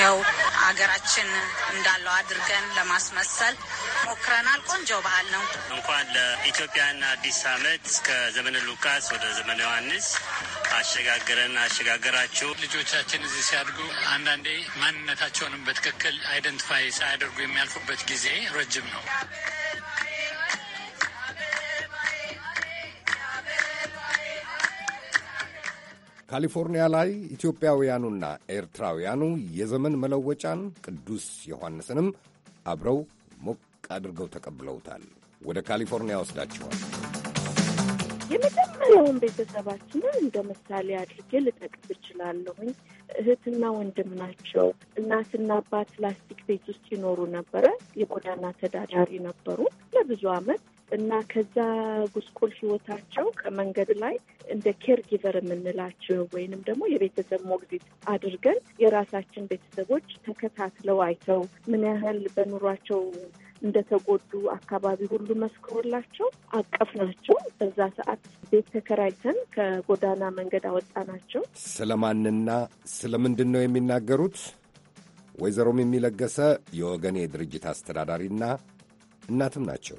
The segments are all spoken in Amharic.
ይኸው አገራችን እንዳለው አድርገን ለማስመሰል ሞክረናል። ቆንጆ በዓል ነው። እንኳን ለኢትዮጵያና አዲስ ዓመት እስከ ዘመነ ሉቃስ ወደ ዘመነ ዮሐንስ አሸጋግረን አሸጋገራችሁ። ልጆቻችን እዚህ ሲያድጉ አንዳንዴ ማንነታቸውንም በትክክል አይደንቲፋይ ሳያደርጉ የሚያልፉበት ጊዜ ረጅም ነው። ካሊፎርኒያ ላይ ኢትዮጵያውያኑና ኤርትራውያኑ የዘመን መለወጫን ቅዱስ ዮሐንስንም አብረው ሞቅ አድርገው ተቀብለውታል። ወደ ካሊፎርኒያ ወስዳችኋል። የመጀመሪያውን ቤተሰባችንን እንደ ምሳሌ አድርጌ ልጠቅስ እችላለሁኝ። እህትና ወንድም ናቸው። እናትና አባት ላስቲክ ቤት ውስጥ ይኖሩ ነበረ። የጎዳና ተዳዳሪ ነበሩ ለብዙ ዓመት እና ከዛ ጉስቁል ህይወታቸው ከመንገድ ላይ እንደ ኬር ጊቨር የምንላቸው ወይንም ደግሞ የቤተሰብ ሞግዚት አድርገን የራሳችን ቤተሰቦች ተከታትለው አይተው ምን ያህል በኑሯቸው እንደተጎዱ አካባቢ ሁሉ መስክሮላቸው አቀፍ ናቸው። በዛ ሰዓት ቤት ተከራይተን ከጎዳና መንገድ አወጣ ናቸው። ስለማንና ስለምንድን ነው የሚናገሩት? ወይዘሮም የሚለገሰ የወገኔ ድርጅት አስተዳዳሪና እናትም ናቸው።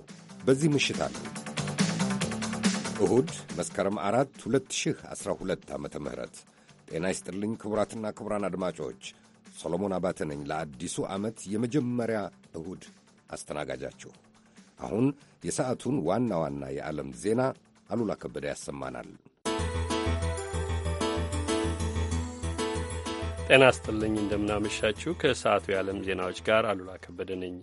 በዚህ ምሽት አለ እሁድ መስከረም አራት 2012 ዓ ም ጤና ይስጥልኝ ክቡራትና ክቡራን አድማጮች ሰሎሞን አባተ ነኝ ለአዲሱ ዓመት የመጀመሪያ እሁድ አስተናጋጃችሁ አሁን የሰዓቱን ዋና ዋና የዓለም ዜና አሉላ ከበደ ያሰማናል ጤና ስጥልኝ። እንደምናመሻችሁ። ከሰዓቱ የዓለም ዜናዎች ጋር አሉላ ከበደ ነኝ።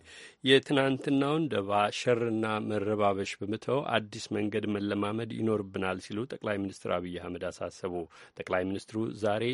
የትናንትናውን ደባ ሸርና መረባበሽ በመተው አዲስ መንገድ መለማመድ ይኖርብናል ሲሉ ጠቅላይ ሚኒስትር አብይ አህመድ አሳሰቡ። ጠቅላይ ሚኒስትሩ ዛሬ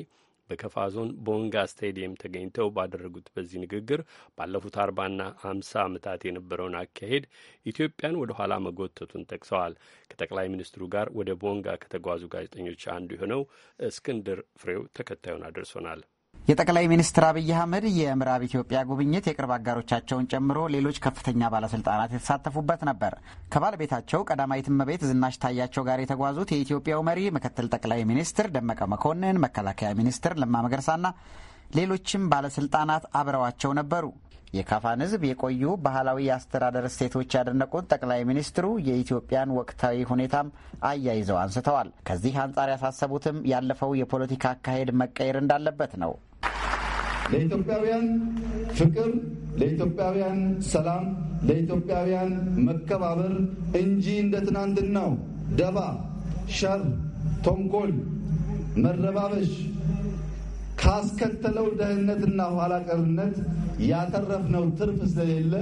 በከፋ ዞን ቦንጋ ስታዲየም ተገኝተው ባደረጉት በዚህ ንግግር ባለፉት አርባና አምሳ ዓመታት የነበረውን አካሄድ ኢትዮጵያን ወደ ኋላ መጎተቱን ጠቅሰዋል። ከጠቅላይ ሚኒስትሩ ጋር ወደ ቦንጋ ከተጓዙ ጋዜጠኞች አንዱ የሆነው እስክንድር ፍሬው ተከታዩን አድርሶናል። የጠቅላይ ሚኒስትር አብይ አህመድ የምዕራብ ኢትዮጵያ ጉብኝት የቅርብ አጋሮቻቸውን ጨምሮ ሌሎች ከፍተኛ ባለስልጣናት የተሳተፉበት ነበር። ከባለቤታቸው ቀዳማዊት እመቤት ዝናሽ ታያቸው ጋር የተጓዙት የኢትዮጵያው መሪ ምክትል ጠቅላይ ሚኒስትር ደመቀ መኮንን፣ መከላከያ ሚኒስትር ለማ መገርሳና ሌሎችም ባለስልጣናት አብረዋቸው ነበሩ። የካፋን ሕዝብ የቆዩ ባህላዊ የአስተዳደር እሴቶች ያደነቁት ጠቅላይ ሚኒስትሩ የኢትዮጵያን ወቅታዊ ሁኔታም አያይዘው አንስተዋል። ከዚህ አንጻር ያሳሰቡትም ያለፈው የፖለቲካ አካሄድ መቀየር እንዳለበት ነው። ለኢትዮጵያውያን ፍቅር፣ ለኢትዮጵያውያን ሰላም፣ ለኢትዮጵያውያን መከባበር እንጂ እንደ ትናንትናው ደባ፣ ሸር፣ ተንኮል፣ መረባበሽ ካስከተለው ደህንነትና ኋላቀርነት ያተረፍነው ትርፍ ስለሌለ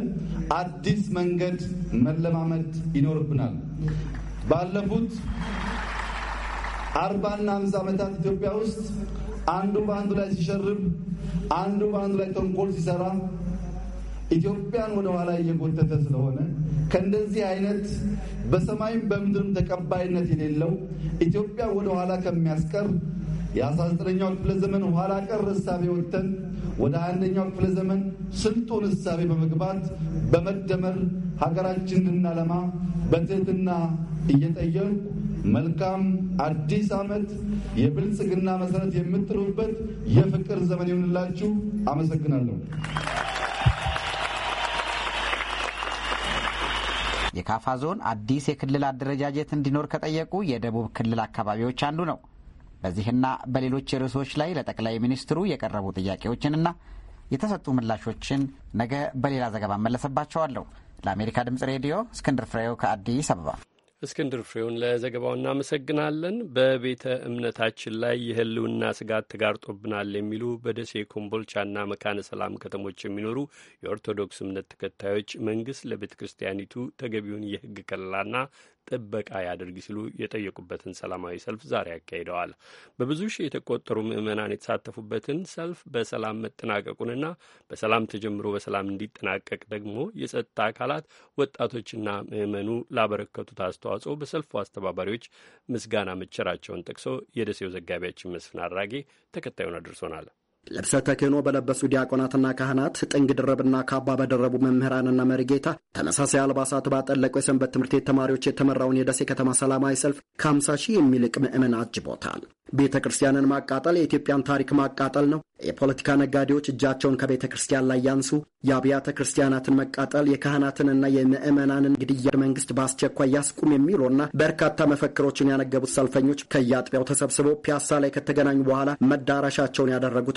አዲስ መንገድ መለማመድ ይኖርብናል። ባለፉት አርባና አምስት ዓመታት ኢትዮጵያ ውስጥ አንዱ በአንዱ ላይ ሲሸርብ፣ አንዱ በአንዱ ላይ ተንኮል ሲሰራ ኢትዮጵያን ወደ ኋላ እየጎተተ ስለሆነ ከእንደዚህ አይነት በሰማይም በምድርም ተቀባይነት የሌለው ኢትዮጵያ ወደ ኋላ ከሚያስቀር የአስራ ዘጠነኛው ክፍለ ዘመን ኋላ ቀር እሳቤ ወጥተን ወደ አንደኛው ክፍለ ዘመን ስልጡን እሳቤ በመግባት በመደመር ሀገራችን እንድናለማ በትህትና እየጠየቁ መልካም አዲስ ዓመት የብልጽግና መሰረት የምትጥሉበት የፍቅር ዘመን ይሁንላችሁ። አመሰግናለሁ። የካፋ ዞን አዲስ የክልል አደረጃጀት እንዲኖር ከጠየቁ የደቡብ ክልል አካባቢዎች አንዱ ነው። በዚህና በሌሎች ርዕሶች ላይ ለጠቅላይ ሚኒስትሩ የቀረቡ ጥያቄዎችንና የተሰጡ ምላሾችን ነገ በሌላ ዘገባ መለሰባቸዋለሁ። ለአሜሪካ ድምፅ ሬዲዮ እስክንድር ፍሬው ከአዲስ አበባ እስክንድር ፍሬውን ለዘገባው እናመሰግናለን። በቤተ እምነታችን ላይ የህልውና ስጋት ተጋርጦብናል የሚሉ በደሴ ኮምቦልቻና መካነ ሰላም ከተሞች የሚኖሩ የኦርቶዶክስ እምነት ተከታዮች መንግስት ለቤተ ክርስቲያኒቱ ተገቢውን የህግ ከለላና ጥበቃ ያደርግ ሲሉ የጠየቁበትን ሰላማዊ ሰልፍ ዛሬ አካሂደዋል። በብዙ ሺህ የተቆጠሩ ምዕመናን የተሳተፉበትን ሰልፍ በሰላም መጠናቀቁንና በሰላም ተጀምሮ በሰላም እንዲጠናቀቅ ደግሞ የጸጥታ አካላት ወጣቶችና ምዕመኑ ላበረከቱት አስተዋጽኦ በሰልፉ አስተባባሪዎች ምስጋና መቸራቸውን ጠቅሶ የደሴው ዘጋቢያችን መስፍን አድራጌ ተከታዩን አድርሶናል። ልብሰ ተክህኖ በለበሱ ዲያቆናትና ካህናት ጥንግ ድረብና ካባ በደረቡ መምህራንና መርጌታ ተመሳሳይ አልባሳት ባጠለቀው የሰንበት ትምህርት ቤት ተማሪዎች የተመራውን የደሴ ከተማ ሰላማዊ ሰልፍ ከ50 ሺህ የሚልቅ ምዕመን አጅቦታል። ቤተ ክርስቲያንን ማቃጠል የኢትዮጵያን ታሪክ ማቃጠል ነው። የፖለቲካ ነጋዴዎች እጃቸውን ከቤተ ክርስቲያን ላይ ያንሱ። የአብያተ ክርስቲያናትን መቃጠል፣ የካህናትንና የምዕመናንን ግድያ መንግስት በአስቸኳይ ያስቁም የሚሉና በርካታ መፈክሮችን ያነገቡት ሰልፈኞች ከየአጥቢያው ተሰብስበው ፒያሳ ላይ ከተገናኙ በኋላ መዳረሻቸውን ያደረጉት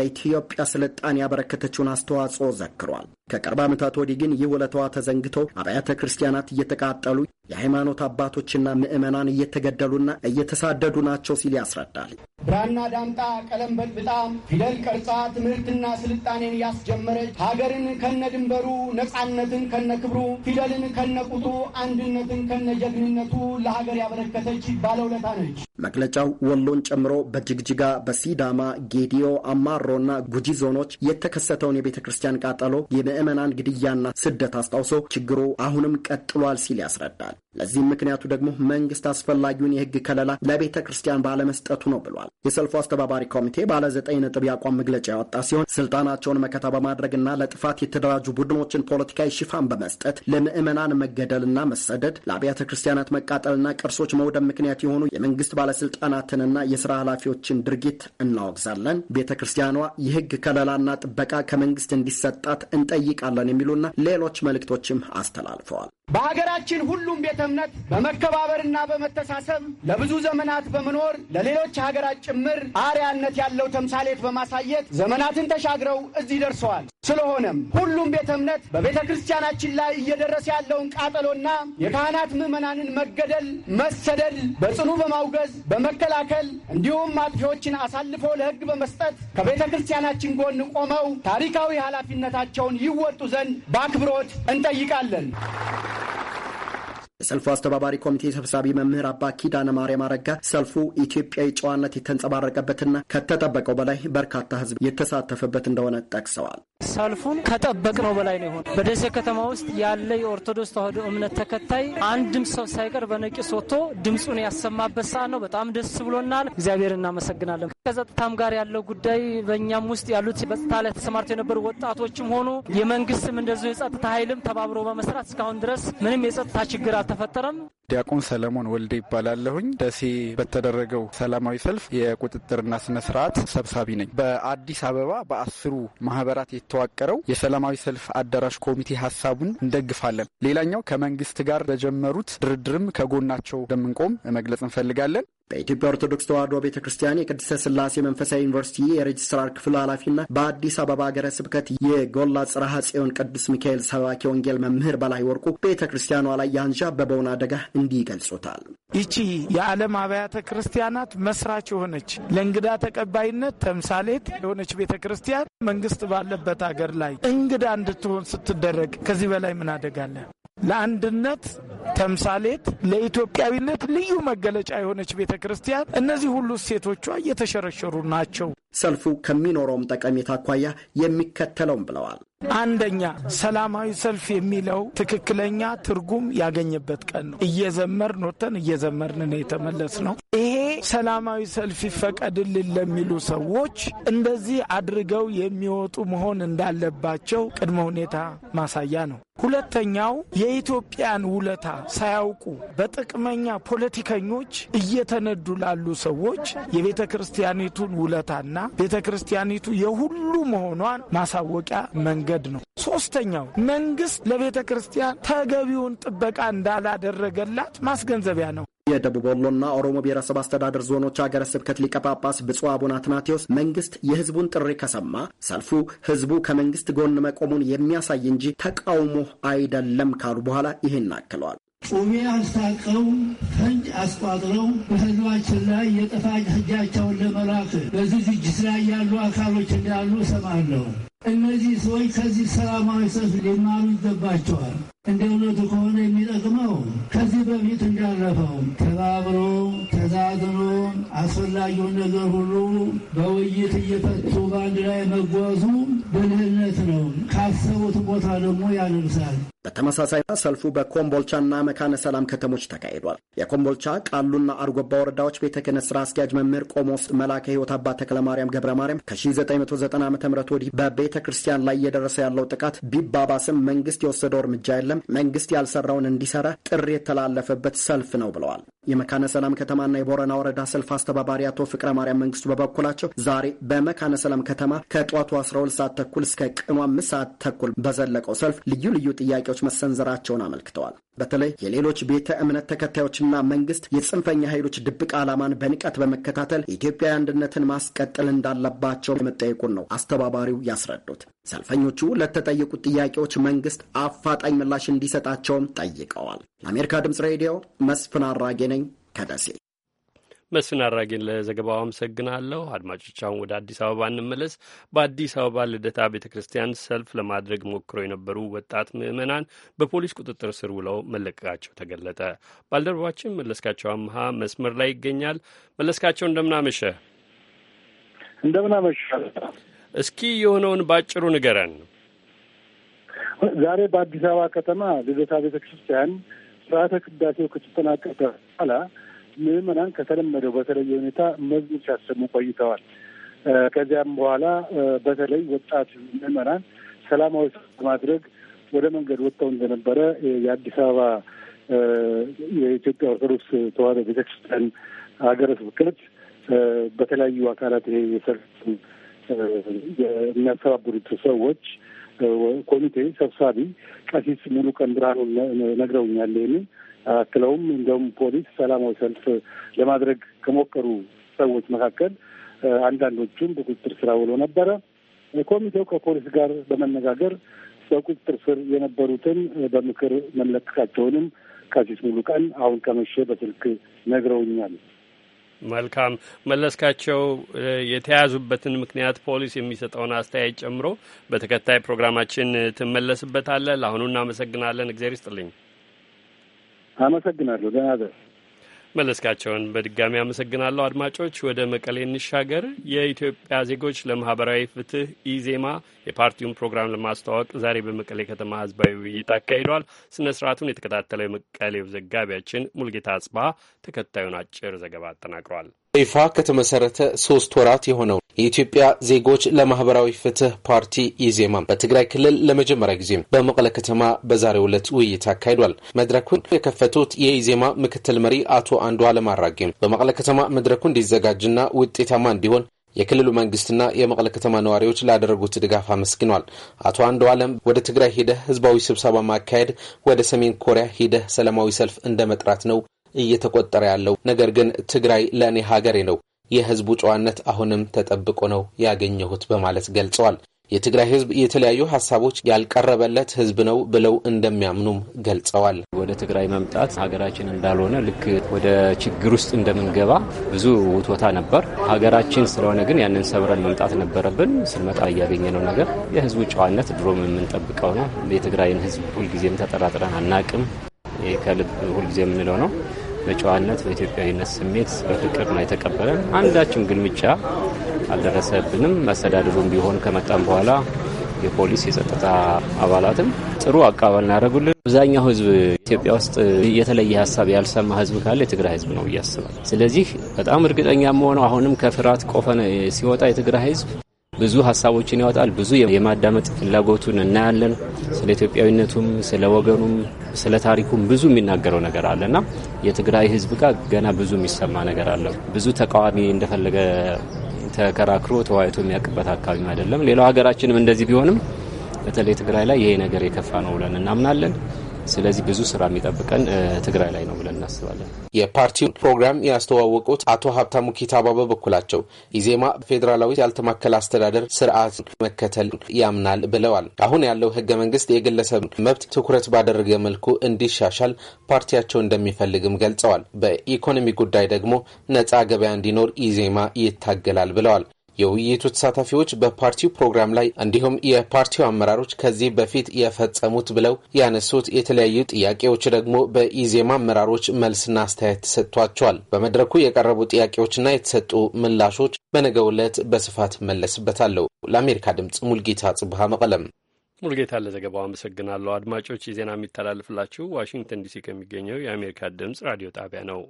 ለኢትዮጵያ ስልጣኔ ያበረከተችውን አስተዋጽኦ ዘክሯል። ከቅርብ ዓመታት ወዲህ ግን ይህ ውለታዋ ተዘንግቶ አብያተ ክርስቲያናት እየተቃጠሉ የሃይማኖት አባቶችና ምዕመናን እየተገደሉና እየተሳደዱ ናቸው ሲል ያስረዳል። ብራና ዳምጣ፣ ቀለም በጥብጣ፣ ፊደል ቀርጻ ትምህርትና ስልጣኔን ያስጀመረች ሀገርን ከነ ድንበሩ፣ ነፃነትን ከነ ክብሩ፣ ፊደልን ከነ ቁጡ፣ አንድነትን ከነ ጀግንነቱ ለሀገር ያበረከተች ባለውለታ ነች። መግለጫው ወሎን ጨምሮ በጅግጅጋ፣ በሲዳማ፣ ጌዲዮ፣ አማሮ ሆሮና ጉጂ ዞኖች የተከሰተውን የቤተ ክርስቲያን ቃጠሎ፣ የምዕመናን ግድያና ስደት አስታውሶ ችግሩ አሁንም ቀጥሏል ሲል ያስረዳል። ለዚህም ምክንያቱ ደግሞ መንግስት አስፈላጊውን የህግ ከለላ ለቤተ ክርስቲያን ባለመስጠቱ ነው ብሏል። የሰልፉ አስተባባሪ ኮሚቴ ባለ ዘጠኝ ነጥብ የአቋም መግለጫ ያወጣ ሲሆን ስልጣናቸውን መከታ በማድረግና ለጥፋት የተደራጁ ቡድኖችን ፖለቲካዊ ሽፋን በመስጠት ለምዕመናን መገደልና መሰደድ፣ ለአብያተ ክርስቲያናት መቃጠልና ቅርሶች መውደም ምክንያት የሆኑ የመንግስት ባለስልጣናትንና የስራ ኃላፊዎችን ድርጊት እናወግዛለን። ቤተ ክርስቲያኗ በመዳኗ የህግ ከለላና ጥበቃ ከመንግስት እንዲሰጣት እንጠይቃለን የሚሉና ሌሎች መልእክቶችም አስተላልፈዋል። በሀገራችን ሁሉም ቤተ እምነት በመከባበርና በመተሳሰብ ለብዙ ዘመናት በመኖር ለሌሎች ሀገራት ጭምር አርያነት ያለው ተምሳሌት በማሳየት ዘመናትን ተሻግረው እዚህ ደርሰዋል። ስለሆነም ሁሉም ቤተ እምነት በቤተ ክርስቲያናችን ላይ እየደረሰ ያለውን ቃጠሎና የካህናት ምዕመናንን መገደል፣ መሰደድ በጽኑ በማውገዝ በመከላከል እንዲሁም አጥፊዎችን አሳልፎ ለሕግ በመስጠት ከቤተ ክርስቲያናችን ጎን ቆመው ታሪካዊ ኃላፊነታቸውን ይወጡ ዘንድ በአክብሮት እንጠይቃለን። የሰልፉ አስተባባሪ ኮሚቴ ሰብሳቢ መምህር አባ ኪዳነ ማርያም አረጋ ሰልፉ ኢትዮጵያዊ ጨዋነት የተንጸባረቀበትና ከተጠበቀው በላይ በርካታ ሕዝብ የተሳተፈበት እንደሆነ ጠቅሰዋል። ሰልፉን ነው በላይ ነው የሆነ። በደሴ ከተማ ውስጥ ያለ የኦርቶዶክስ ተዋሕዶ እምነት ተከታይ አንድም ሰው ሳይቀር በነቂስ ወጥቶ ድምፁን ያሰማበት ሰዓት ነው። በጣም ደስ ብሎናል። እግዚአብሔር እናመሰግናለን። ከጸጥታም ጋር ያለው ጉዳይ በእኛም ውስጥ ያሉት በጸጥታ ላይ ተሰማርተው የነበሩ ወጣቶችም ሆኑ የመንግስትም እንደዚሁ የጸጥታ ኃይልም ተባብሮ በመስራት እስካሁን ድረስ ምንም የጸጥታ ችግር አልተፈጠረም። ዲያቆን ሰለሞን ወልዴ ይባላለሁኝ። ደሴ በተደረገው ሰላማዊ ሰልፍ የቁጥጥርና ስነ ስርዓት ሰብሳቢ ነኝ። በአዲስ አበባ በአስሩ ማህበራት የተዋቀረው የሰላማዊ ሰልፍ አዳራሽ ኮሚቴ ሀሳቡን እንደግፋለን። ሌላኛው ከመንግስት ጋር በጀመሩት ድርድርም ከጎናቸው እንደምንቆም መግለጽ እንፈልጋለን። በኢትዮጵያ ኦርቶዶክስ ተዋሕዶ ቤተ ክርስቲያን የቅድስተ ስላሴ መንፈሳዊ ዩኒቨርሲቲ የሬጅስትራር ክፍል ኃላፊና በአዲስ አበባ ሀገረ ስብከት የጎላ ጽርሐ ጽዮን ቅዱስ ሚካኤል ሰባኪ ወንጌል መምህር በላይ ወርቁ ቤተ ክርስቲያኗ ላይ ያንዣበበውን አደጋ እንዲህ ይገልጹታል። ይቺ የዓለም አብያተ ክርስቲያናት መስራች የሆነች ለእንግዳ ተቀባይነት ተምሳሌት የሆነች ቤተ ክርስቲያን መንግስት ባለበት አገር ላይ እንግዳ እንድትሆን ስትደረግ ከዚህ በላይ ምን አደጋለን? ለአንድነት ተምሳሌት ለኢትዮጵያዊነት ልዩ መገለጫ የሆነች ቤተ ክርስቲያን እነዚህ ሁሉ እሴቶቿ እየተሸረሸሩ ናቸው። ሰልፉ ከሚኖረውም ጠቀሜታ አኳያ የሚከተለውም ብለዋል። አንደኛ ሰላማዊ ሰልፍ የሚለው ትክክለኛ ትርጉም ያገኘበት ቀን ነው። እየዘመርን ወጥተን እየዘመርን ነው የተመለስ ነው። ይሄ ሰላማዊ ሰልፍ ይፈቀድልን ለሚሉ ሰዎች እንደዚህ አድርገው የሚወጡ መሆን እንዳለባቸው ቅድመ ሁኔታ ማሳያ ነው። ሁለተኛው የኢትዮጵያን ውለታ ሳያውቁ በጥቅመኛ ፖለቲከኞች እየተነዱ ላሉ ሰዎች የቤተ ክርስቲያኒቱን ውለታና ቤተ ክርስቲያኒቱ የሁሉ መሆኗን ማሳወቂያ መንገድ ነው። ሶስተኛው መንግስት ለቤተ ክርስቲያን ተገቢውን ጥበቃ እንዳላደረገላት ማስገንዘቢያ ነው። የደቡብ ወሎና ኦሮሞ ብሔረሰብ አስተዳደር ዞኖች ሀገረ ስብከት ሊቀ ጳጳስ ብፁዕ አቡነ አትናቴዎስ መንግስት የህዝቡን ጥሪ ከሰማ ሰልፉ ህዝቡ ከመንግስት ጎን መቆሙን የሚያሳይ እንጂ ተቃውሞ አይደለም ካሉ በኋላ ይህን አክለዋል። ጩቤ አስታቀው ፈንጅ አስቋጥረው በህዝባችን ላይ የጥፋት እጃቸውን ለመላክ በዚህ ዝግጅት ላይ ያሉ አካሎች እንዳሉ እሰማለሁ። እነዚህ ሰዎች ከዚህ ሰላማዊ ሰልፍ ሊማሩ ይገባቸዋል። እንደ እውነቱ ከሆነ የሚጠቅመው ከዚህ በፊት እንዳረፈው ተባብሮ ተዛዝኖ አስፈላጊውን ነገር ሁሉ በውይይት እየፈቱ በአንድ ላይ መጓዙ ብልህነት ነው። ካሰቡት ቦታ ደግሞ ያደርሳል። በተመሳሳይ ሰልፉ በኮምቦልቻና መካነ ሰላም ከተሞች ተካሂዷል። የኮምቦልቻ ቃሉና አርጎባ ወረዳዎች ቤተ ክህነት ስራ አስኪያጅ መምህር ቆሞስ መላከ ሕይወት አባ ተክለ ማርያም ገብረ ማርያም ከ1990 ዓ ም ወዲህ በቤተ ክርስቲያን ላይ እየደረሰ ያለው ጥቃት ቢባባስም መንግስት የወሰደው እርምጃ የለም አይደለም፣ መንግስት ያልሰራውን እንዲሰራ ጥሪ የተላለፈበት ሰልፍ ነው ብለዋል። የመካነ ሰላም ከተማና የቦረና ወረዳ ሰልፍ አስተባባሪ አቶ ፍቅረ ማርያም መንግስቱ በበኩላቸው ዛሬ በመካነ ሰላም ከተማ ከጠዋቱ 12 ሰዓት ተኩል እስከ ቀኑ 5 ሰዓት ተኩል በዘለቀው ሰልፍ ልዩ ልዩ ጥያቄዎች መሰንዘራቸውን አመልክተዋል። በተለይ የሌሎች ቤተ እምነት ተከታዮችና መንግስት የጽንፈኛ ኃይሎች ድብቅ ዓላማን በንቀት በመከታተል ኢትዮጵያ አንድነትን ማስቀጠል እንዳለባቸው የመጠየቁን ነው አስተባባሪው ያስረዱት። ሰልፈኞቹ ለተጠየቁት ጥያቄዎች መንግስት አፋጣኝ ምላሽ ምላሽ እንዲሰጣቸውም ጠይቀዋል። ለአሜሪካ ድምጽ ሬዲዮ መስፍን አራጌ ነኝ ከደሴ። መስፍን አራጌን ለዘገባው አመሰግናለሁ። አድማጮች፣ ወደ አዲስ አበባ እንመለስ። በአዲስ አበባ ልደታ ቤተ ክርስቲያን ሰልፍ ለማድረግ ሞክረው የነበሩ ወጣት ምዕመናን በፖሊስ ቁጥጥር ስር ውለው መለቀቃቸው ተገለጠ። ባልደረባችን መለስካቸው አምሃ መስመር ላይ ይገኛል። መለስካቸው፣ እንደምናመሸ እንደምናመሸ። እስኪ የሆነውን ባጭሩ ንገረን ዛሬ በአዲስ አበባ ከተማ ልደታ ቤተ ክርስቲያን ስርዓተ ቅዳሴው ከተጠናቀቀ በኋላ ምዕመናን ከተለመደው በተለየ ሁኔታ መዝሙር ሲያሰሙ ቆይተዋል። ከዚያም በኋላ በተለይ ወጣት ምዕመናን ሰላማዊ ማድረግ ወደ መንገድ ወጥተው እንደነበረ የአዲስ አበባ የኢትዮጵያ ኦርቶዶክስ ተዋሕዶ ቤተክርስቲያን ሀገረ ስብከት በተለያዩ አካላት ይሄ የሚያስተባብሩት ሰዎች ኮሚቴ ሰብሳቢ ቀሲስ ሙሉ ቀን ብርሃኑ ነግረውኛል። ይህንን አክለውም እንደውም ፖሊስ ሰላማዊ ሰልፍ ለማድረግ ከሞከሩ ሰዎች መካከል አንዳንዶቹም በቁጥጥር ስራ ውሎ ነበረ። ኮሚቴው ከፖሊስ ጋር በመነጋገር በቁጥጥር ስር የነበሩትን በምክር መለቀቃቸውንም ቀሲስ ሙሉ ቀን አሁን ከመሸ በስልክ ነግረውኛል። መልካም መለስካቸው፣ የተያዙበትን ምክንያት ፖሊስ የሚሰጠውን አስተያየት ጨምሮ በተከታይ ፕሮግራማችን ትመለስበታለህ። ለአሁኑ እናመሰግናለን። እግዜር ይስጥልኝ። አመሰግናለሁ። ገናዘር መለስካቸውን በድጋሚ አመሰግናለሁ። አድማጮች ወደ መቀሌ እንሻገር። የኢትዮጵያ ዜጎች ለማህበራዊ ፍትህ ኢዜማ የፓርቲውን ፕሮግራም ለማስተዋወቅ ዛሬ በመቀሌ ከተማ ህዝባዊ ውይይት አካሂደዋል። ስነ ስርዓቱን የተከታተለው የመቀሌው ዘጋቢያችን ሙልጌታ አጽባ ተከታዩን አጭር ዘገባ አጠናቅሯል። በይፋ ከተመሰረተ ሶስት ወራት የሆነው የኢትዮጵያ ዜጎች ለማህበራዊ ፍትህ ፓርቲ ኢዜማ በትግራይ ክልል ለመጀመሪያ ጊዜ በመቀለ ከተማ በዛሬው ዕለት ውይይት አካሂዷል። መድረኩን የከፈቱት የኢዜማ ምክትል መሪ አቶ አለም አራጌም በመቀለ ከተማ መድረኩ እንዲዘጋጅና ውጤታማ እንዲሆን የክልሉ መንግስትና የመቀለ ከተማ ነዋሪዎች ላደረጉት ድጋፍ አመስግኗል። አቶ አንዱ አለም ወደ ትግራይ ሂደህ ህዝባዊ ስብሰባ ማካሄድ ወደ ሰሜን ኮሪያ ሂደህ ሰላማዊ ሰልፍ እንደ መጥራት ነው እየተቆጠረ ያለው። ነገር ግን ትግራይ ለእኔ ሀገሬ ነው፣ የህዝቡ ጨዋነት አሁንም ተጠብቆ ነው ያገኘሁት በማለት ገልጸዋል። የትግራይ ህዝብ የተለያዩ ሀሳቦች ያልቀረበለት ህዝብ ነው ብለው እንደሚያምኑም ገልጸዋል። ወደ ትግራይ መምጣት ሀገራችን እንዳልሆነ ልክ ወደ ችግር ውስጥ እንደምንገባ ብዙ ውትወታ ነበር። ሀገራችን ስለሆነ ግን ያንን ሰብረን መምጣት ነበረብን። ስንመጣ እያገኘነው ነገር የህዝቡ ጨዋነት ድሮም የምንጠብቀው ነው። የትግራይን ህዝብ ሁልጊዜም ተጠራጥረን አናቅም። ከልብ ሁልጊዜ የምንለው ነው በጨዋነት በኢትዮጵያዊነት ስሜት በፍቅር ነው የተቀበለን። አንዳችን ግልምጫ አልደረሰብንም። መስተዳድሩም ቢሆን ከመጣም በኋላ የፖሊስ የጸጥታ አባላትም ጥሩ አቀባበል ያደረጉልን አብዛኛው ህዝብ ኢትዮጵያ ውስጥ የተለየ ሀሳብ ያልሰማ ህዝብ ካለ የትግራይ ህዝብ ነው እያስባል። ስለዚህ በጣም እርግጠኛ መሆነው አሁንም ከፍርሃት ቆፈን ሲወጣ የትግራይ ህዝብ ብዙ ሀሳቦችን ያወጣል። ብዙ የማዳመጥ ፍላጎቱን እናያለን። ስለ ኢትዮጵያዊነቱም፣ ስለ ወገኑም፣ ስለ ታሪኩም ብዙ የሚናገረው ነገር አለ እና የትግራይ ህዝብ ጋር ገና ብዙ የሚሰማ ነገር አለ። ብዙ ተቃዋሚ እንደፈለገ ተከራክሮ ተወያይቶ የሚያውቅበት አካባቢም አይደለም። ሌላው ሀገራችንም እንደዚህ ቢሆንም በተለይ ትግራይ ላይ ይሄ ነገር የከፋ ነው ብለን እናምናለን። ስለዚህ ብዙ ስራ የሚጠብቀን ትግራይ ላይ ነው ብለን እናስባለን። የፓርቲው ፕሮግራም ያስተዋወቁት አቶ ሀብታሙ ኪታባ በበኩላቸው ኢዜማ ፌዴራላዊ ያልተማከለ አስተዳደር ስርዓት መከተል ያምናል ብለዋል። አሁን ያለው ህገ መንግስት የግለሰብ መብት ትኩረት ባደረገ መልኩ እንዲሻሻል ፓርቲያቸው እንደሚፈልግም ገልጸዋል። በኢኮኖሚ ጉዳይ ደግሞ ነጻ ገበያ እንዲኖር ኢዜማ ይታገላል ብለዋል። የውይይቱ ተሳታፊዎች በፓርቲው ፕሮግራም ላይ እንዲሁም የፓርቲው አመራሮች ከዚህ በፊት የፈጸሙት ብለው ያነሱት የተለያዩ ጥያቄዎች ደግሞ በኢዜማ አመራሮች መልስና አስተያየት ተሰጥቷቸዋል። በመድረኩ የቀረቡ ጥያቄዎችና የተሰጡ ምላሾች በነገው ዕለት በስፋት መለስበታለሁ። ለአሜሪካ ድምፅ ሙልጌታ ጽብሃ መቀለም ሙልጌታ ለዘገባው አመሰግናለሁ። አድማጮች የዜና የሚተላልፍላችሁ ዋሽንግተን ዲሲ ከሚገኘው የአሜሪካ ድምፅ ራዲዮ ጣቢያ ነው።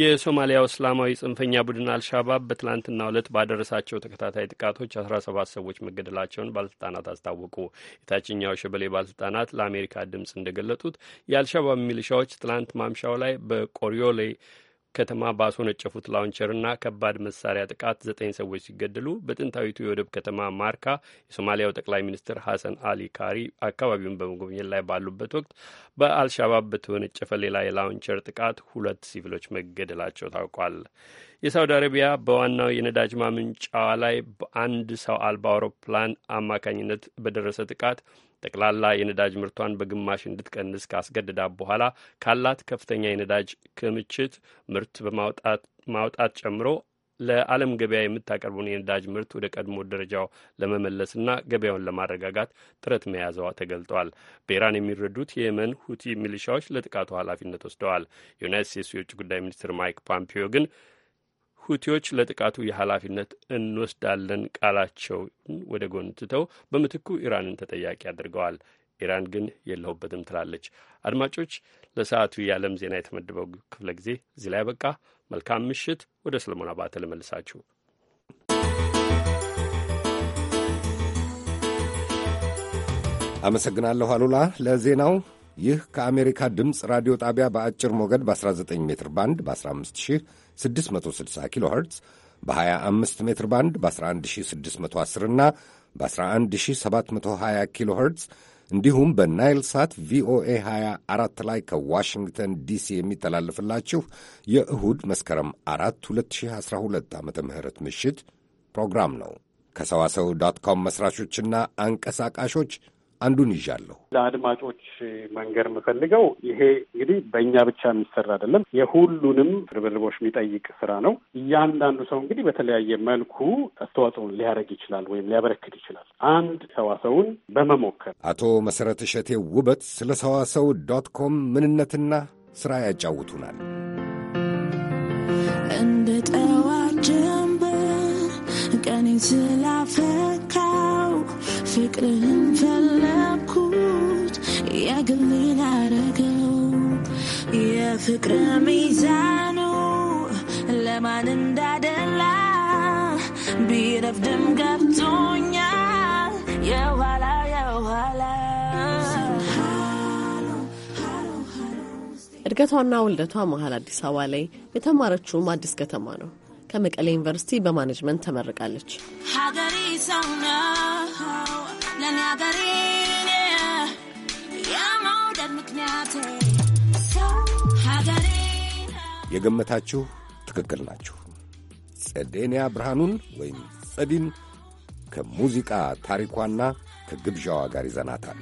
የሶማሊያው እስላማዊ ጽንፈኛ ቡድን አልሻባብ በትላንትናው ዕለት ባደረሳቸው ተከታታይ ጥቃቶች አስራ ሰባት ሰዎች መገደላቸውን ባለስልጣናት አስታወቁ። የታችኛው ሸበሌ ባለስልጣናት ለአሜሪካ ድምፅ እንደገለጡት የአልሻባብ ሚሊሻዎች ትላንት ማምሻው ላይ በቆሪዮሌ ከተማ ባስወነጨፉት ላውንቸርና ከባድ መሳሪያ ጥቃት ዘጠኝ ሰዎች ሲገደሉ በጥንታዊቱ የወደብ ከተማ ማርካ የሶማሊያው ጠቅላይ ሚኒስትር ሐሰን አሊ ካሪ አካባቢውን በመጎብኘት ላይ ባሉበት ወቅት በአልሻባብ በተወነጨፈ ሌላ የላውንቸር ጥቃት ሁለት ሲቪሎች መገደላቸው ታውቋል። የሳውዲ አረቢያ በዋናው የነዳጅ ማምንጫዋ ላይ በአንድ ሰው አልባ አውሮፕላን አማካኝነት በደረሰ ጥቃት ጠቅላላ የነዳጅ ምርቷን በግማሽ እንድትቀንስ ካስገደዳ በኋላ ካላት ከፍተኛ የነዳጅ ክምችት ምርት በማውጣት ማውጣት ጨምሮ ለዓለም ገበያ የምታቀርበውን የነዳጅ ምርት ወደ ቀድሞ ደረጃው ለመመለስና ገበያውን ለማረጋጋት ጥረት መያዘዋ ተገልጧል። በኢራን የሚረዱት የየመን ሁቲ ሚሊሻዎች ለጥቃቱ ኃላፊነት ወስደዋል። የዩናይት ስቴትስ የውጭ ጉዳይ ሚኒስትር ማይክ ፖምፒዮ ግን ሁቲዎች ለጥቃቱ የኃላፊነት እንወስዳለን ቃላቸውን ወደ ጎን ትተው በምትኩ ኢራንን ተጠያቂ አድርገዋል። ኢራን ግን የለሁበትም ትላለች። አድማጮች፣ ለሰዓቱ የዓለም ዜና የተመደበው ክፍለ ጊዜ እዚህ ላይ በቃ። መልካም ምሽት። ወደ ሰለሞን አባተ ልመልሳችሁ። አመሰግናለሁ አሉላ ለዜናው። ይህ ከአሜሪካ ድምፅ ራዲዮ ጣቢያ በአጭር ሞገድ በ19 ሜትር ባንድ በ15660 ኪሎ ኸርትዝ በ25 ሜትር ባንድ በ11610 እና በ11720 ኪሎ ኸርትዝ እንዲሁም በናይል ሳት ቪኦኤ 24 ላይ ከዋሽንግተን ዲሲ የሚተላለፍላችሁ የእሁድ መስከረም 4 2012 ዓ ም ምሽት ፕሮግራም ነው። ከሰዋሰው ዶት ኮም መስራቾችና አንቀሳቃሾች አንዱን ይዣለሁ። ለአድማጮች መንገር የምፈልገው ይሄ እንግዲህ በእኛ ብቻ የሚሰራ አይደለም፣ የሁሉንም ርብርቦች የሚጠይቅ ስራ ነው። እያንዳንዱ ሰው እንግዲህ በተለያየ መልኩ አስተዋጽኦን ሊያደርግ ይችላል ወይም ሊያበረክት ይችላል። አንድ ሰዋሰውን በመሞከር አቶ መሰረት እሸቴ ውበት ስለ ሰዋሰው ዶት ኮም ምንነትና ስራ ያጫውቱናል። እንደ ጠዋት ጀምበር ቀኔ ስላፈ ፍቅርህን ፈለኩት የግሌ ላረገው የፍቅር ሚዛኑ ለማን እንዳደላ ቢረፍድም ገብቶኛል የኋላ የኋላ እድገቷና ውልደቷ መሀል አዲስ አበባ ላይ የተማረችውም አዲስ ከተማ ነው። ከመቀሌ ዩኒቨርሲቲ በማኔጅመንት ተመርቃለች። የገመታችሁ ትክክል ናችሁ። ጸዴንያ ብርሃኑን ወይም ጸዲን ከሙዚቃ ታሪኳና ከግብዣዋ ጋር ይዘናታል።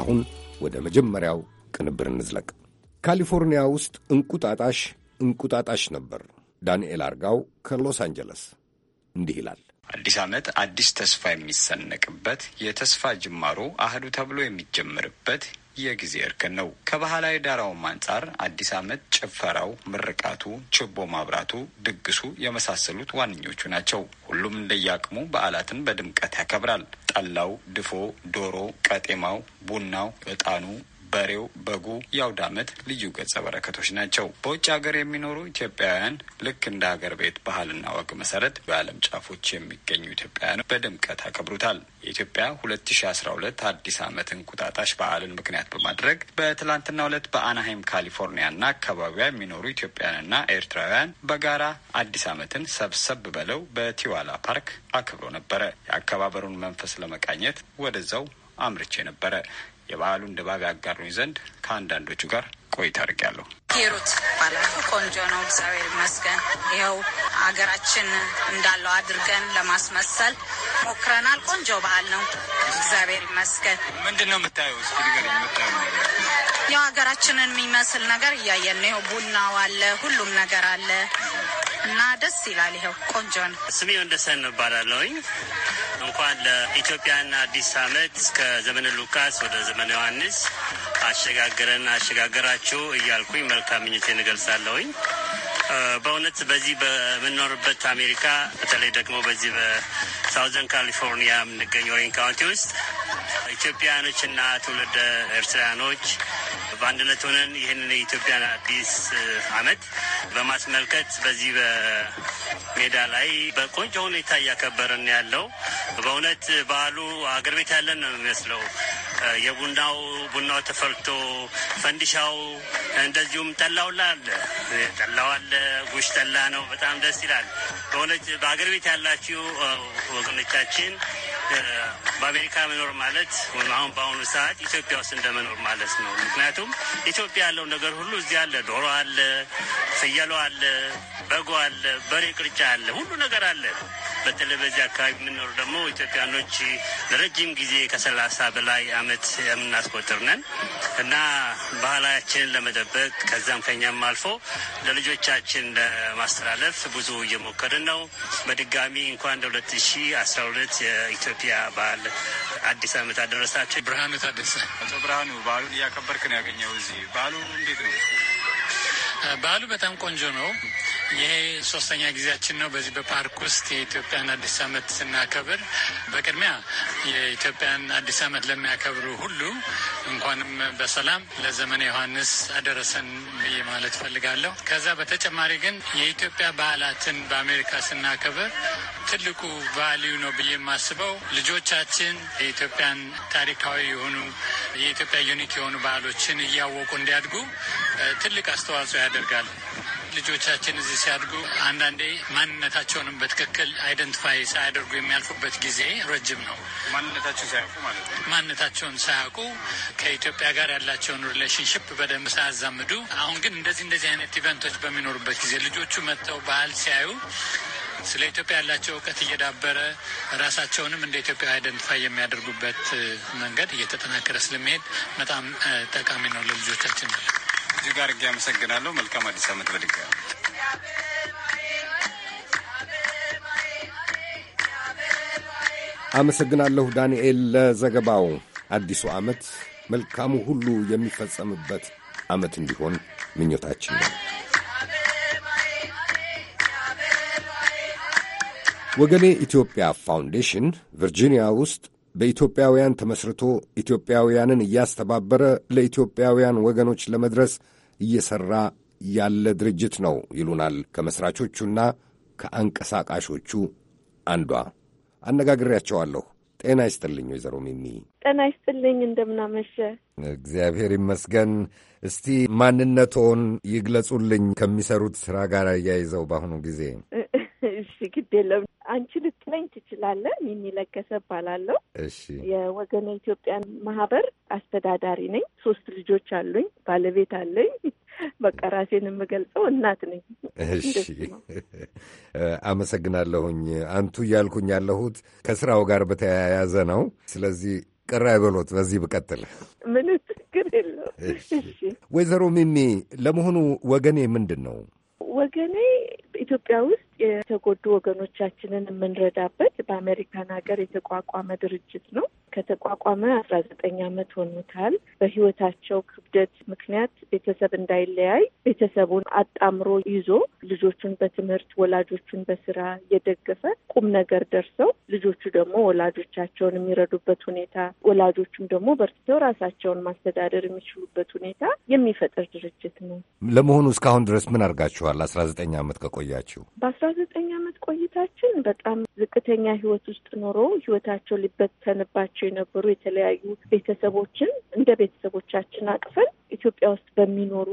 አሁን ወደ መጀመሪያው ቅንብር እንዝለቅ። ካሊፎርኒያ ውስጥ እንቁጣጣሽ እንቁጣጣሽ ነበር። ዳንኤል አርጋው ከሎስ አንጀለስ እንዲህ ይላል። አዲስ ዓመት አዲስ ተስፋ የሚሰነቅበት የተስፋ ጅማሮ አህዱ ተብሎ የሚጀምርበት የጊዜ እርከን ነው። ከባህላዊ ዳራውም አንጻር አዲስ ዓመት ጭፈራው፣ ምርቃቱ፣ ችቦ ማብራቱ፣ ድግሱ የመሳሰሉት ዋነኞቹ ናቸው። ሁሉም እንደየአቅሙ በዓላትን በድምቀት ያከብራል። ጠላው፣ ድፎ፣ ዶሮ፣ ቀጤማው፣ ቡናው፣ እጣኑ በሬው፣ በጉ የአውደ ዓመት ልዩ ገጸ በረከቶች ናቸው። በውጭ ሀገር የሚኖሩ ኢትዮጵያውያን ልክ እንደ ሀገር ቤት ባህልና ወግ መሰረት በዓለም ጫፎች የሚገኙ ኢትዮጵያውያን በድምቀት ያከብሩታል። የኢትዮጵያ ሁለት ሺ አስራ ሁለት አዲስ ዓመት እንቁጣጣሽ በዓልን ምክንያት በማድረግ በትላንትናው ዕለት በአናሃይም ካሊፎርኒያና አካባቢያ የሚኖሩ ኢትዮጵያውያንና ኤርትራውያን በጋራ አዲስ ዓመትን ሰብሰብ በለው በቲዋላ ፓርክ አክብሮ ነበረ። የአከባበሩን መንፈስ ለመቃኘት ወደዛው አምርቼ ነበረ። የበዓሉን ድባብ ያጋሩኝ ዘንድ ከአንዳንዶቹ ጋር ቆይታ አድርጊያለሁ። ሂሩት ማለት ቆንጆ ነው። እግዚአብሔር ይመስገን። ይኸው አገራችን እንዳለው አድርገን ለማስመሰል ሞክረናል። ቆንጆ በዓል ነው። እግዚአብሔር ይመስገን። ምንድን ነው የምታየው? እስኪ ንገረኝ። የምታየው ያው ሀገራችንን የሚመስል ነገር እያየን ነው። ቡናው አለ፣ ሁሉም ነገር አለ። እና ደስ ይላል። ይኸው ቆንጆ ነው። ስሜ ወንደሰን እባላለሁኝ። እንኳን ለኢትዮጵያና አዲስ ዓመት እስከ ዘመነ ሉቃስ ወደ ዘመነ ዮሐንስ አሸጋገረን አሸጋገራችሁ እያልኩኝ መልካም ምኞቴን እገልጻለሁኝ። በእውነት በዚህ በምንኖርበት አሜሪካ በተለይ ደግሞ በዚህ በሳውዘን ካሊፎርኒያ የምንገኝ ኦሬንጅ ካውንቲ ውስጥ ኢትዮጵያውያኖች እና ትውልደ ኤርትራውያኖች በአንድነት ሆነን ይህንን የኢትዮጵያን አዲስ አመት በማስመልከት በዚህ በሜዳ ላይ በቆንጆ ሁኔታ እያከበርን ያለው በእውነት በዓሉ አገር ቤት ያለን ነው የሚመስለው። የቡናው ቡናው ተፈልቶ ፈንዲሻው፣ እንደዚሁም ጠላውላ አለ ጠላው አለ። ጉሽ ጠላ ነው። በጣም ደስ ይላል። በእውነት በአገር ቤት ያላችሁ ወገኖቻችን በአሜሪካ መኖር ማለት አሁን በአሁኑ ሰዓት ኢትዮጵያ ውስጥ እንደመኖር ማለት ነው። ምክንያቱም ኢትዮጵያ ያለው ነገር ሁሉ እዚህ አለ። ዶሮ አለ፣ ፍየሉ አለ፣ በጎ አለ፣ በሬ ቅርጫ አለ፣ ሁሉ ነገር አለ። በተለይ በዚህ አካባቢ የምንኖር ደግሞ ኢትዮጵያኖች ለረጅም ጊዜ ከሰላሳ በላይ አመት የምናስቆጥር ነን እና ባህላችንን ለመጠበቅ ከዛም ከኛም አልፎ ለልጆቻችን ለማስተላለፍ ብዙ እየሞከርን ነው። በድጋሚ እንኳን ለሁለት ሺ አስራ ሁለት የኢትዮጵያ ባህል አዲስ አመት አደረሳቸው። ብርሃኑ ታደሰ። አቶ ብርሃኑ በዓሉን እያከበርክ ነው ያገኘው እዚህ በዓሉ እንዴት ነው? በዓሉ በጣም ቆንጆ ነው። ይሄ ሶስተኛ ጊዜያችን ነው በዚህ በፓርክ ውስጥ የኢትዮጵያን አዲስ ዓመት ስናከብር። በቅድሚያ የኢትዮጵያን አዲስ ዓመት ለሚያከብሩ ሁሉ እንኳንም በሰላም ለዘመነ ዮሐንስ አደረሰን ብዬ ማለት ፈልጋለሁ። ከዛ በተጨማሪ ግን የኢትዮጵያ በዓላትን በአሜሪካ ስናከብር ትልቁ ቫሊዩ ነው ብዬ የማስበው ልጆቻችን የኢትዮጵያን ታሪካዊ የሆኑ የኢትዮጵያ ዩኒክ የሆኑ ባህሎችን እያወቁ እንዲያድጉ ትልቅ አስተዋጽኦ ያደርጋል። ልጆቻችን እዚህ ሲያድጉ አንዳንዴ ማንነታቸውንም በትክክል አይደንቲፋይ ሳያደርጉ የሚያልፉበት ጊዜ ረጅም ነው። ማንነታቸውን ሳያውቁ ማለት ነው። ማንነታቸውን ሳያውቁ ከኢትዮጵያ ጋር ያላቸውን ሪሌሽንሽፕ በደንብ ሳያዛምዱ፣ አሁን ግን እንደዚህ እንደዚህ አይነት ኢቨንቶች በሚኖሩበት ጊዜ ልጆቹ መጥተው ባህል ሲያዩ ስለ ኢትዮጵያ ያላቸው እውቀት እየዳበረ ራሳቸውንም እንደ ኢትዮጵያ አይደንቲፋይ የሚያደርጉበት መንገድ እየተጠናከረ ስለሚሄድ በጣም ጠቃሚ ነው ለልጆቻችን። እጅግ አድርጌ አመሰግናለሁ። መልካም አዲስ ዓመት በድጋሚ አመሰግናለሁ ዳንኤል ለዘገባው። አዲሱ ዓመት መልካሙ ሁሉ የሚፈጸምበት ዓመት እንዲሆን ምኞታችን ነው። ወገኔ ኢትዮጵያ ፋውንዴሽን ቨርጂኒያ ውስጥ በኢትዮጵያውያን ተመስርቶ ኢትዮጵያውያንን እያስተባበረ ለኢትዮጵያውያን ወገኖች ለመድረስ እየሠራ ያለ ድርጅት ነው ይሉናል ከመሥራቾቹና ከአንቀሳቃሾቹ አንዷ። አነጋግሬያቸዋለሁ። ጤና ይስጥልኝ ወይዘሮ ሚሚ። ጤና ይስጥልኝ። እንደምናመሸ እግዚአብሔር ይመስገን። እስቲ ማንነቶን ይግለጹልኝ ከሚሰሩት ስራ ጋር እያይዘው በአሁኑ ጊዜ። እሺ ግድ የለም አንቺ ልትለኝ ትችላለ ሚሚ ለገሰ እባላለሁ። እሺ የወገነ ኢትዮጵያን ማህበር አስተዳዳሪ ነኝ። ሶስት ልጆች አሉኝ፣ ባለቤት አለኝ። በቃ ራሴን የምገልጸው እናት ነኝ። እሺ አመሰግናለሁኝ። አንቱ እያልኩኝ ያለሁት ከስራው ጋር በተያያዘ ነው። ስለዚህ ቅር አይበሎት በዚህ ብቀጥል ምን ችግር የለው። ወይዘሮ ሚሚ ለመሆኑ ወገኔ ምንድን ነው? ወገኔ ኢትዮጵያ ውስጥ የተጎዱ ወገኖቻችንን የምንረዳበት በአሜሪካን ሀገር የተቋቋመ ድርጅት ነው። ከተቋቋመ አስራ ዘጠኝ አመት ሆኖታል። በህይወታቸው ክብደት ምክንያት ቤተሰብ እንዳይለያይ ቤተሰቡን አጣምሮ ይዞ ልጆቹን በትምህርት ወላጆቹን በስራ እየደገፈ ቁም ነገር ደርሰው ልጆቹ ደግሞ ወላጆቻቸውን የሚረዱበት ሁኔታ ወላጆቹም ደግሞ በርትተው ራሳቸውን ማስተዳደር የሚችሉበት ሁኔታ የሚፈጥር ድርጅት ነው። ለመሆኑ እስካሁን ድረስ ምን አድርጋችኋል? አስራ ዘጠኝ አመት ከቆየ የቆያችው? በአስራ ዘጠኝ አመት ቆይታችን በጣም ዝቅተኛ ህይወት ውስጥ ኖሮ ህይወታቸው ሊበተንባቸው የነበሩ የተለያዩ ቤተሰቦችን እንደ ቤተሰቦቻችን አቅፈን ኢትዮጵያ ውስጥ በሚኖሩ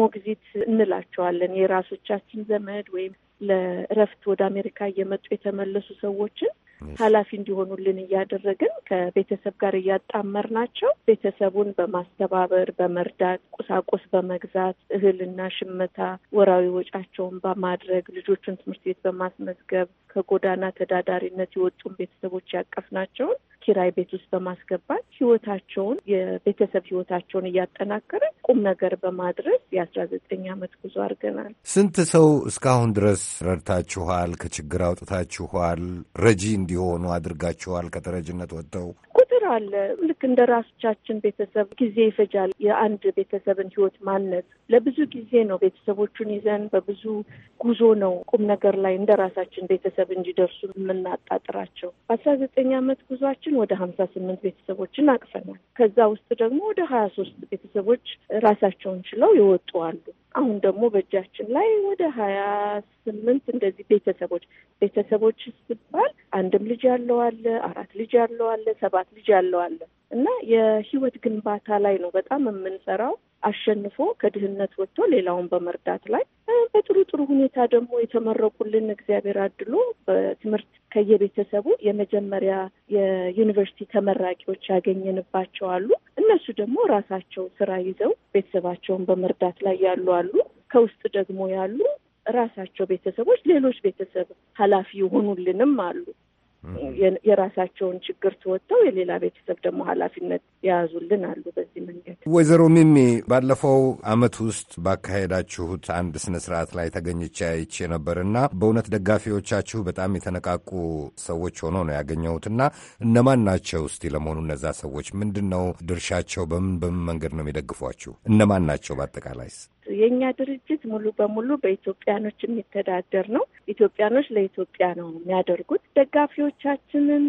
ሞግዚት እንላቸዋለን የራሶቻችን ዘመድ ወይም ለእረፍት ወደ አሜሪካ እየመጡ የተመለሱ ሰዎችን ኃላፊ እንዲሆኑልን እያደረግን ከቤተሰብ ጋር እያጣመር ናቸው። ቤተሰቡን በማስተባበር በመርዳት ቁሳቁስ በመግዛት እህልና ሽመታ ወራዊ ወጫቸውን በማድረግ ልጆቹን ትምህርት ቤት በማስመዝገብ ከጎዳና ተዳዳሪነት የወጡን ቤተሰቦች ያቀፍ ናቸውን ኪራይ ቤት ውስጥ በማስገባት ህይወታቸውን የቤተሰብ ህይወታቸውን እያጠናከረ ቁም ነገር በማድረስ የአስራ ዘጠኝ አመት ጉዞ አድርገናል። ስንት ሰው እስካሁን ድረስ ረድታችኋል? ከችግር አውጥታችኋል? ረጂ እንዲሆኑ አድርጋችኋል? ከተረጅነት ወጥተው አለ ልክ እንደ ራሶቻችን ቤተሰብ ጊዜ ይፈጃል። የአንድ ቤተሰብን ህይወት ማነጽ ለብዙ ጊዜ ነው። ቤተሰቦቹን ይዘን በብዙ ጉዞ ነው ቁም ነገር ላይ እንደ ራሳችን ቤተሰብ እንዲደርሱ የምናጣጥራቸው። በአስራ ዘጠኝ አመት ጉዟችን ቤተሰቦችን ወደ ሀምሳ ስምንት ቤተሰቦችን አቅፈናል። ከዛ ውስጥ ደግሞ ወደ ሀያ ሶስት ቤተሰቦች ራሳቸውን ችለው ይወጡ አሉ። አሁን ደግሞ በእጃችን ላይ ወደ ሀያ ስምንት እንደዚህ ቤተሰቦች ቤተሰቦች ሲባል አንድም ልጅ ያለው አለ፣ አራት ልጅ ያለው አለ፣ ሰባት ልጅ ያለው አለ እና የህይወት ግንባታ ላይ ነው በጣም የምንሰራው። አሸንፎ ከድህነት ወጥቶ ሌላውን በመርዳት ላይ በጥሩ ጥሩ ሁኔታ ደግሞ የተመረቁልን እግዚአብሔር አድሎ በትምህርት ከየቤተሰቡ የመጀመሪያ የዩኒቨርሲቲ ተመራቂዎች ያገኘንባቸው አሉ። እነሱ ደግሞ ራሳቸው ስራ ይዘው ቤተሰባቸውን በመርዳት ላይ ያሉ አሉ። ከውስጥ ደግሞ ያሉ ራሳቸው ቤተሰቦች ሌሎች ቤተሰብ ኃላፊ የሆኑልንም አሉ። የራሳቸውን ችግር ተወጥተው የሌላ ቤተሰብ ደግሞ ኃላፊነት የያዙልን አሉ። በዚህ ምን ወይዘሮ ሚሚ ባለፈው አመት ውስጥ ባካሄዳችሁት አንድ ስነ ስርዓት ላይ ተገኝቼ አይቼ ነበርና በእውነት ደጋፊዎቻችሁ በጣም የተነቃቁ ሰዎች ሆኖ ነው ያገኘሁትና እነማን ናቸው እስቲ ለመሆኑ እነዛ ሰዎች ምንድን ነው ድርሻቸው? በምን በምን መንገድ ነው የሚደግፏችሁ? እነማን ናቸው በአጠቃላይስ? የእኛ ድርጅት ሙሉ በሙሉ በኢትዮጵያኖች የሚተዳደር ነው። ኢትዮጵያኖች ለኢትዮጵያ ነው የሚያደርጉት። ደጋፊዎቻችንን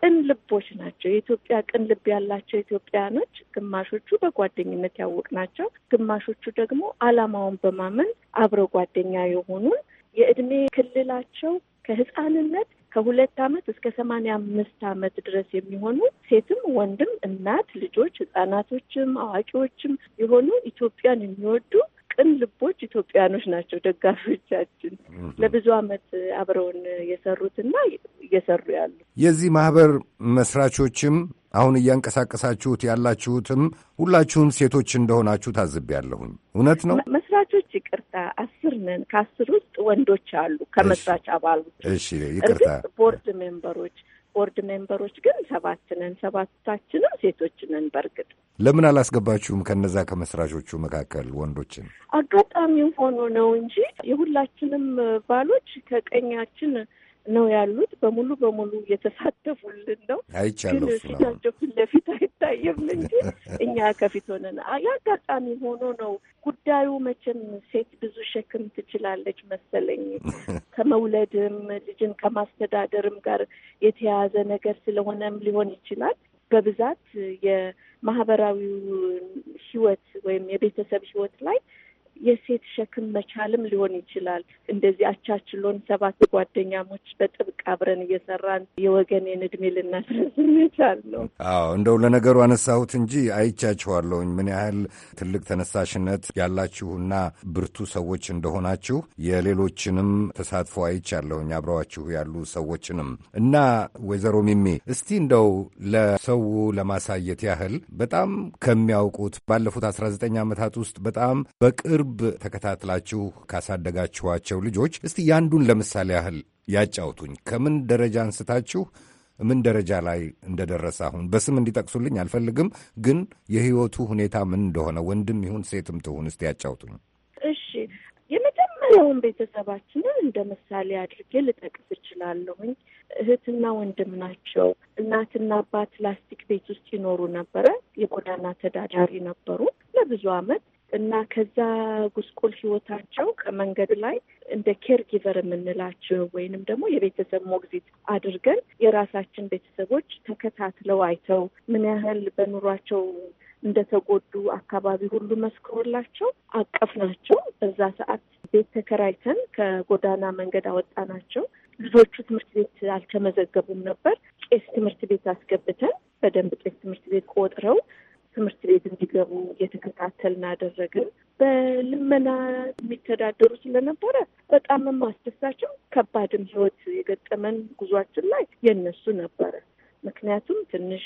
ቅን ልቦች ናቸው። የኢትዮጵያ ቅን ልብ ያላቸው ኢትዮጵያኖች ግማሾቹ በጓደኝነት ያወቅ ናቸው። ግማሾቹ ደግሞ አላማውን በማመን አብረው ጓደኛ የሆኑን የእድሜ ክልላቸው ከህፃንነት ከሁለት ዓመት እስከ ሰማንያ አምስት አመት ድረስ የሚሆኑ ሴትም ወንድም፣ እናት፣ ልጆች፣ ህጻናቶችም አዋቂዎችም የሆኑ ኢትዮጵያን የሚወዱ ቅን ልቦች ኢትዮጵያኖች ናቸው ደጋፊዎቻችን ለብዙ ዓመት አብረውን የሰሩትና እየሰሩ ያሉ የዚህ ማህበር መስራቾችም አሁን እያንቀሳቀሳችሁት ያላችሁትም ሁላችሁም ሴቶች እንደሆናችሁ ታዝቤያለሁኝ። እውነት ነው? መስራቾች ይቅርታ፣ አስር ነን። ከአስር ውስጥ ወንዶች አሉ ከመስራች አባሉ። እሺ፣ ይቅርታ ቦርድ ሜምበሮች ቦርድ ሜምበሮች ግን ሰባት ነን። ሰባታችንም ሴቶች ነን። በእርግጥ ለምን አላስገባችሁም ከነዛ ከመስራቾቹ መካከል ወንዶችን? አጋጣሚ ሆኖ ነው እንጂ የሁላችንም ባሎች ከቀኛችን ነው ያሉት። በሙሉ በሙሉ እየተሳተፉልን ነው። አይቻለሁ። ፊታቸው ፊት ለፊት አይታየም እንጂ እኛ ከፊት ሆነን የአጋጣሚ ሆኖ ነው ጉዳዩ መቼም ሴት ብዙ ሸክም ትችላለች መሰለኝ። ከመውለድም ልጅን ከማስተዳደርም ጋር የተያያዘ ነገር ስለሆነም ሊሆን ይችላል። በብዛት የማህበራዊው ህይወት ወይም የቤተሰብ ህይወት ላይ የሴት ሸክም መቻልም ሊሆን ይችላል። እንደዚህ አቻችሎን ሰባት ጓደኛሞች በጥብቅ አብረን እየሰራን የወገኔን እድሜ ልናስረዝም አዎ እንደው ለነገሩ አነሳሁት እንጂ አይቻችኋለሁኝ ምን ያህል ትልቅ ተነሳሽነት ያላችሁና ብርቱ ሰዎች እንደሆናችሁ የሌሎችንም ተሳትፎ አይቻለሁኝ አብረዋችሁ ያሉ ሰዎችንም እና ወይዘሮ ሚሜ እስቲ እንደው ለሰው ለማሳየት ያህል በጣም ከሚያውቁት ባለፉት ዘጠኝ ዓመታት ውስጥ በጣም በቅርብ በቅርብ ተከታትላችሁ ካሳደጋችኋቸው ልጆች እስቲ ያንዱን ለምሳሌ ያህል ያጫውቱኝ። ከምን ደረጃ አንስታችሁ ምን ደረጃ ላይ እንደደረሰ አሁን በስም እንዲጠቅሱልኝ አልፈልግም፣ ግን የህይወቱ ሁኔታ ምን እንደሆነ ወንድም ይሁን ሴትም ትሁን እስቲ ያጫውቱኝ። እሺ፣ የመጀመሪያውን ቤተሰባችንን እንደ ምሳሌ አድርጌ ልጠቅስ እችላለሁኝ። እህትና ወንድም ናቸው። እናትና አባት ላስቲክ ቤት ውስጥ ይኖሩ ነበረ። የጎዳና ተዳዳሪ ነበሩ። ለብዙ አመት? እና ከዛ ጉስቁል ህይወታቸው ከመንገድ ላይ እንደ ኬር ጊቨር የምንላቸው ወይንም ደግሞ የቤተሰብ ሞግዚት አድርገን የራሳችን ቤተሰቦች ተከታትለው አይተው ምን ያህል በኑሯቸው እንደተጎዱ አካባቢ ሁሉ መስክሮላቸው አቀፍ ናቸው። በዛ ሰዓት ቤት ተከራይተን ከጎዳና መንገድ ናቸው። ልጆቹ ትምህርት ቤት አልተመዘገቡም ነበር። ቄስ ትምህርት ቤት አስገብተን በደንብ ቄስ ትምህርት ቤት ቆጥረው ትምህርት ቤት እንዲገቡ እየተከታተልን አደረግን። በልመና የሚተዳደሩ ስለነበረ በጣም የማስደሳቸው ከባድም ህይወት የገጠመን ጉዟችን ላይ የነሱ ነበረ። ምክንያቱም ትንሽ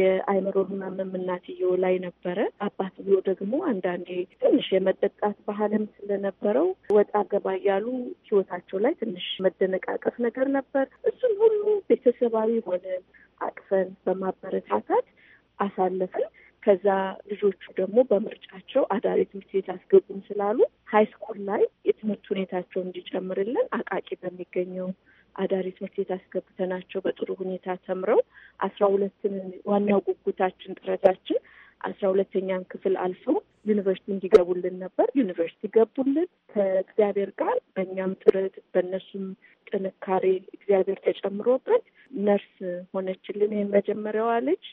የአይምሮ ህመም እናትየው ላይ ነበረ። አባትየው ደግሞ አንዳንዴ ትንሽ የመጠጣት ባህልም ስለነበረው ወጣ ገባ እያሉ ህይወታቸው ላይ ትንሽ መደነቃቀፍ ነገር ነበር። እሱም ሁሉ ቤተሰባዊ ሆነን አቅፈን በማበረታታት አሳለፍን። ከዛ ልጆቹ ደግሞ በምርጫቸው አዳሪ ትምህርት ቤት አስገቡም ስላሉ ሀይ ስኩል ላይ የትምህርት ሁኔታቸው እንዲጨምርልን አቃቂ በሚገኘው አዳሪ ትምህርት ቤት አስገብተናቸው በጥሩ ሁኔታ ተምረው አስራ ሁለትን ዋናው ጉጉታችን ጥረታችን አስራ ሁለተኛን ክፍል አልፈው ዩኒቨርሲቲ እንዲገቡልን ነበር። ዩኒቨርሲቲ ገቡልን። ከእግዚአብሔር ጋር በእኛም ጥረት በእነሱም ጥንካሬ እግዚአብሔር ተጨምሮበት ነርስ ሆነችልን መጀመሪያዋ ልጅ።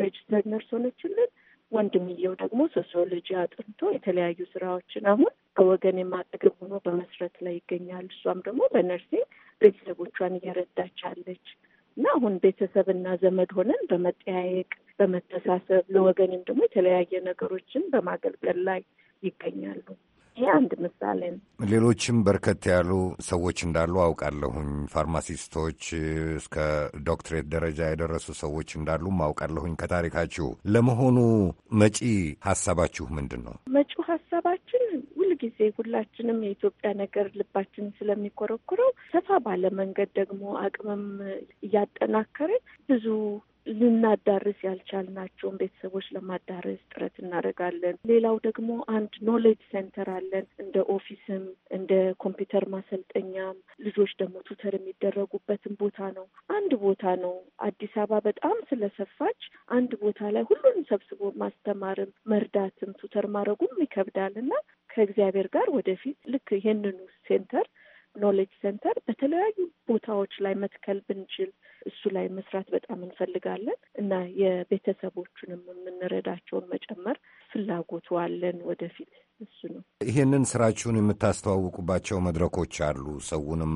ሬጅስተር ነርስ ሆነችልን። ወንድምየው ደግሞ ሶሲዮሎጂ አጥንቶ የተለያዩ ስራዎችን አሁን ከወገን የማጠገብ ሆኖ በመስረት ላይ ይገኛል። እሷም ደግሞ በነርሲንግ ቤተሰቦቿን እየረዳች አለች እና አሁን ቤተሰብና ዘመድ ሆነን በመጠያየቅ በመተሳሰብ ለወገንም ደግሞ የተለያየ ነገሮችን በማገልገል ላይ ይገኛሉ። ይሄ አንድ ምሳሌ ነው። ሌሎችም በርከት ያሉ ሰዎች እንዳሉ አውቃለሁኝ። ፋርማሲስቶች እስከ ዶክትሬት ደረጃ የደረሱ ሰዎች እንዳሉም አውቃለሁኝ ከታሪካችሁ። ለመሆኑ መጪ ሀሳባችሁ ምንድን ነው? መጪው ሀሳባችን ሁልጊዜ ሁላችንም የኢትዮጵያ ነገር ልባችን ስለሚኮረኩረው ሰፋ ባለ መንገድ ደግሞ አቅምም እያጠናከረ ብዙ ልናዳርስ ያልቻልናቸውን ቤተሰቦች ለማዳረስ ጥረት እናደርጋለን። ሌላው ደግሞ አንድ ኖሌጅ ሴንተር አለን እንደ ኦፊስም እንደ ኮምፒውተር ማሰልጠኛም ልጆች ደግሞ ቱተር የሚደረጉበትን ቦታ ነው። አንድ ቦታ ነው። አዲስ አበባ በጣም ስለሰፋች አንድ ቦታ ላይ ሁሉን ሰብስቦ ማስተማርም መርዳትም ቱተር ማድረጉም ይከብዳል እና ከእግዚአብሔር ጋር ወደፊት ልክ ይህንኑ ሴንተር ኖሌጅ ሴንተር በተለያዩ ቦታዎች ላይ መትከል ብንችል እሱ ላይ መስራት በጣም እንፈልጋለን እና የቤተሰቦቹንም የምንረዳቸውን መጨመር ፍላጎቱ አለን ወደፊት እሱ ነው። ይህንን ስራችሁን የምታስተዋውቁባቸው መድረኮች አሉ፣ ሰውንም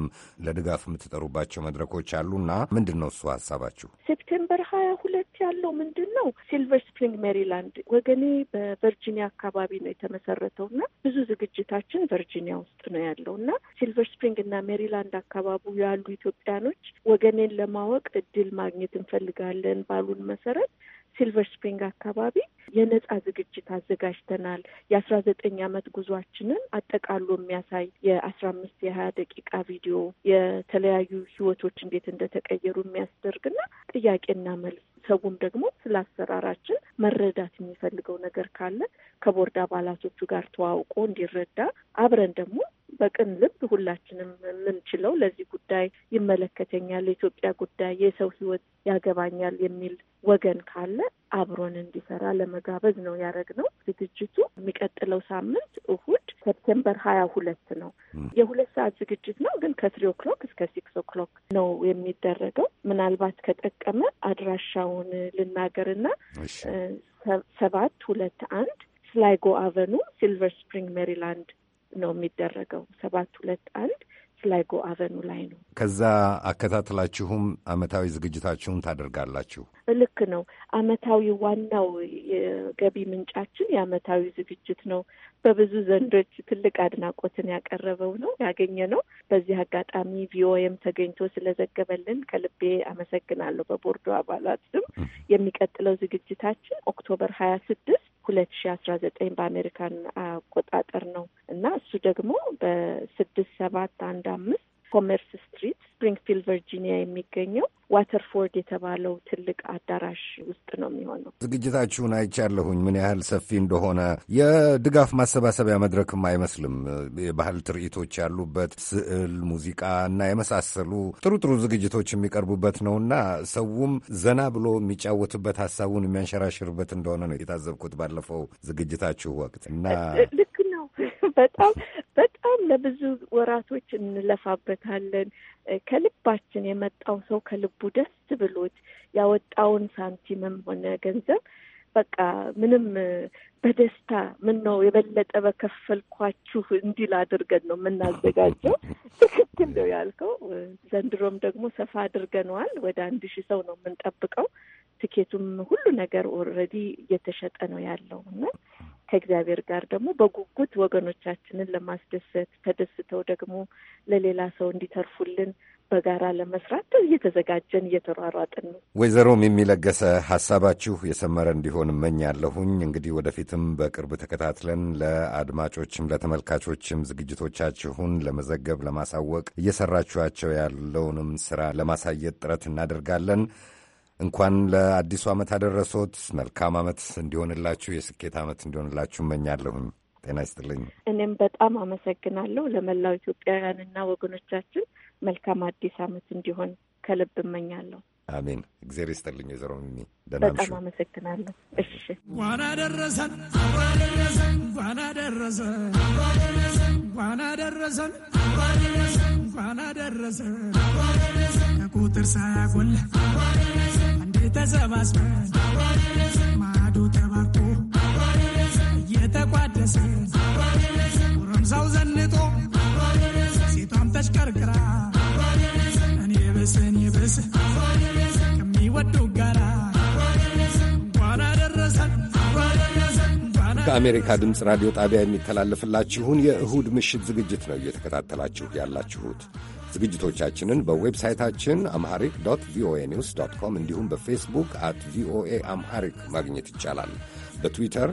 ለድጋፍ የምትጠሩባቸው መድረኮች አሉና ምንድን ነው እሱ ሀሳባችሁ? ሴፕቴምበር ሀያ ሁለት ያለው ምንድን ነው ሲልቨር ስፕሪንግ ሜሪላንድ፣ ወገኔ በቨርጂኒያ አካባቢ ነው የተመሰረተው እና ብዙ ዝግጅታችን ቨርጂኒያ ውስጥ ነው ያለው እና ሲልቨር ስፕሪንግ እና ሜሪላንድ አካባቢ ያሉ ኢትዮጵያኖች ወገኔን ለማወቅ እድል ማግኘት እንፈልጋለን ባሉን መሰረት ሲልቨር ስፕሪንግ አካባቢ የነጻ ዝግጅት አዘጋጅተናል። የአስራ ዘጠኝ አመት ጉዟችንን አጠቃሎ የሚያሳይ የአስራ አምስት የሀያ ደቂቃ ቪዲዮ የተለያዩ ህይወቶች እንዴት እንደተቀየሩ የሚያስደርግና ጥያቄና መልስ ሰውም ደግሞ ስለ አሰራራችን መረዳት የሚፈልገው ነገር ካለ ከቦርድ አባላቶቹ ጋር ተዋውቆ እንዲረዳ አብረን ደግሞ በቅን ልብ ሁላችንም የምንችለው ለዚህ ጉዳይ ይመለከተኛል፣ ለኢትዮጵያ ጉዳይ፣ የሰው ሕይወት ያገባኛል የሚል ወገን ካለ አብሮን እንዲሰራ ለመጋበዝ ነው ያደረግነው። ዝግጅቱ የሚቀጥለው ሳምንት እሁድ ሰፕቴምበር ሀያ ሁለት ነው። የሁለት ሰዓት ዝግጅት ነው፣ ግን ከትሪ ኦክሎክ እስከ ሲክስ ኦክሎክ ነው የሚደረገው። ምናልባት ከጠቀመ አድራሻው ልናገር ልናገርና ሰባት ሁለት አንድ ስላይጎ አቨኑ ሲልቨር ስፕሪንግ ሜሪላንድ ነው የሚደረገው። ሰባት ሁለት አንድ ስላይጎ አቨኑ ላይ ነው። ከዛ አከታትላችሁም አመታዊ ዝግጅታችሁን ታደርጋላችሁ። ልክ ነው። አመታዊ ዋናው የገቢ ምንጫችን የአመታዊ ዝግጅት ነው። በብዙ ዘንዶች ትልቅ አድናቆትን ያቀረበው ነው ያገኘ ነው። በዚህ አጋጣሚ ቪኦኤም ተገኝቶ ስለዘገበልን ከልቤ አመሰግናለሁ። በቦርዶ አባላት ስም የሚቀጥለው ዝግጅታችን ኦክቶበር ሀያ ስድስት ሁለት ሺ አስራ ዘጠኝ በአሜሪካን አቆጣጠር ነው እና እሱ ደግሞ በስድስት ሰባት አንድ አምስት ኮሜርስ ስትሪት ስፕሪንግፊልድ ቨርጂኒያ የሚገኘው ዋተርፎርድ የተባለው ትልቅ አዳራሽ ውስጥ ነው የሚሆነው። ዝግጅታችሁን አይቻለሁኝ ምን ያህል ሰፊ እንደሆነ። የድጋፍ ማሰባሰቢያ መድረክም አይመስልም። የባህል ትርኢቶች ያሉበት፣ ስዕል፣ ሙዚቃ እና የመሳሰሉ ጥሩ ጥሩ ዝግጅቶች የሚቀርቡበት ነውና ሰውም ዘና ብሎ የሚጫወትበት ሀሳቡን የሚያንሸራሽርበት እንደሆነ ነው የታዘብኩት ባለፈው ዝግጅታችሁ ወቅት እና በጣም በጣም ለብዙ ወራቶች እንለፋበታለን። ከልባችን የመጣው ሰው ከልቡ ደስ ብሎት ያወጣውን ሳንቲምም ሆነ ገንዘብ በቃ ምንም በደስታ ምን ነው የበለጠ በከፈልኳችሁ እንዲል አድርገን ነው የምናዘጋጀው። ትክክል ነው ያልከው። ዘንድሮም ደግሞ ሰፋ አድርገነዋል። ወደ አንድ ሺህ ሰው ነው የምንጠብቀው። ትኬቱም ሁሉ ነገር ኦልሬዲ እየተሸጠ ነው ያለው እና ከእግዚአብሔር ጋር ደግሞ በጉጉት ወገኖቻችንን ለማስደሰት ተደስተው ደግሞ ለሌላ ሰው እንዲተርፉልን በጋራ ለመስራት እየተዘጋጀን እየተሯሯጥን ነው። ወይዘሮም የሚለገሰ ሀሳባችሁ የሰመረ እንዲሆን እመኛለሁኝ። እንግዲህ ወደፊትም በቅርብ ተከታትለን ለአድማጮችም ለተመልካቾችም ዝግጅቶቻችሁን ለመዘገብ ለማሳወቅ እየሰራችኋቸው ያለውንም ስራ ለማሳየት ጥረት እናደርጋለን። እንኳን ለአዲሱ ዓመት አደረሶት። መልካም ዓመት እንዲሆንላችሁ፣ የስኬት ዓመት እንዲሆንላችሁ እመኛለሁኝ። ጤና ይስጥልኝ። እኔም በጣም አመሰግናለሁ። ለመላው ኢትዮጵያውያንና ወገኖቻችን መልካም አዲስ ዓመት እንዲሆን ከልብ እመኛለሁ። አሜን። እግዜር ይስጥልኝ። ወይዘሮ ሚሚ በጣም አመሰግናለሁ። እሺ ዋና ደረሰን ደረሰን ዋና ደረሰን ዋና ደረሰን ዋና ደረሰን ቁጥር ሳያጎል እንዴ ተሰባስበን ማዶ ተባርኮ እየተቋደሰ ጎረምሳው ዘንጦ ሴቷም ተሽቀርቅራ እኔ ብስ እኔ ብስ ከሚወደው ጋራ እንኳን አደረሰን። ከአሜሪካ ድምፅ ራዲዮ ጣቢያ የሚተላለፍላችሁን የእሁድ ምሽት ዝግጅት ነው እየተከታተላችሁ ያላችሁት። ዝግጅቶቻችንን በዌብሳይታችን አምሃሪክ ዶት ቪኦኤ ኒውስ ዶት ኮም እንዲሁም በፌስቡክ አት ቪኦኤ አምሃሪክ ማግኘት ይቻላል። በትዊተር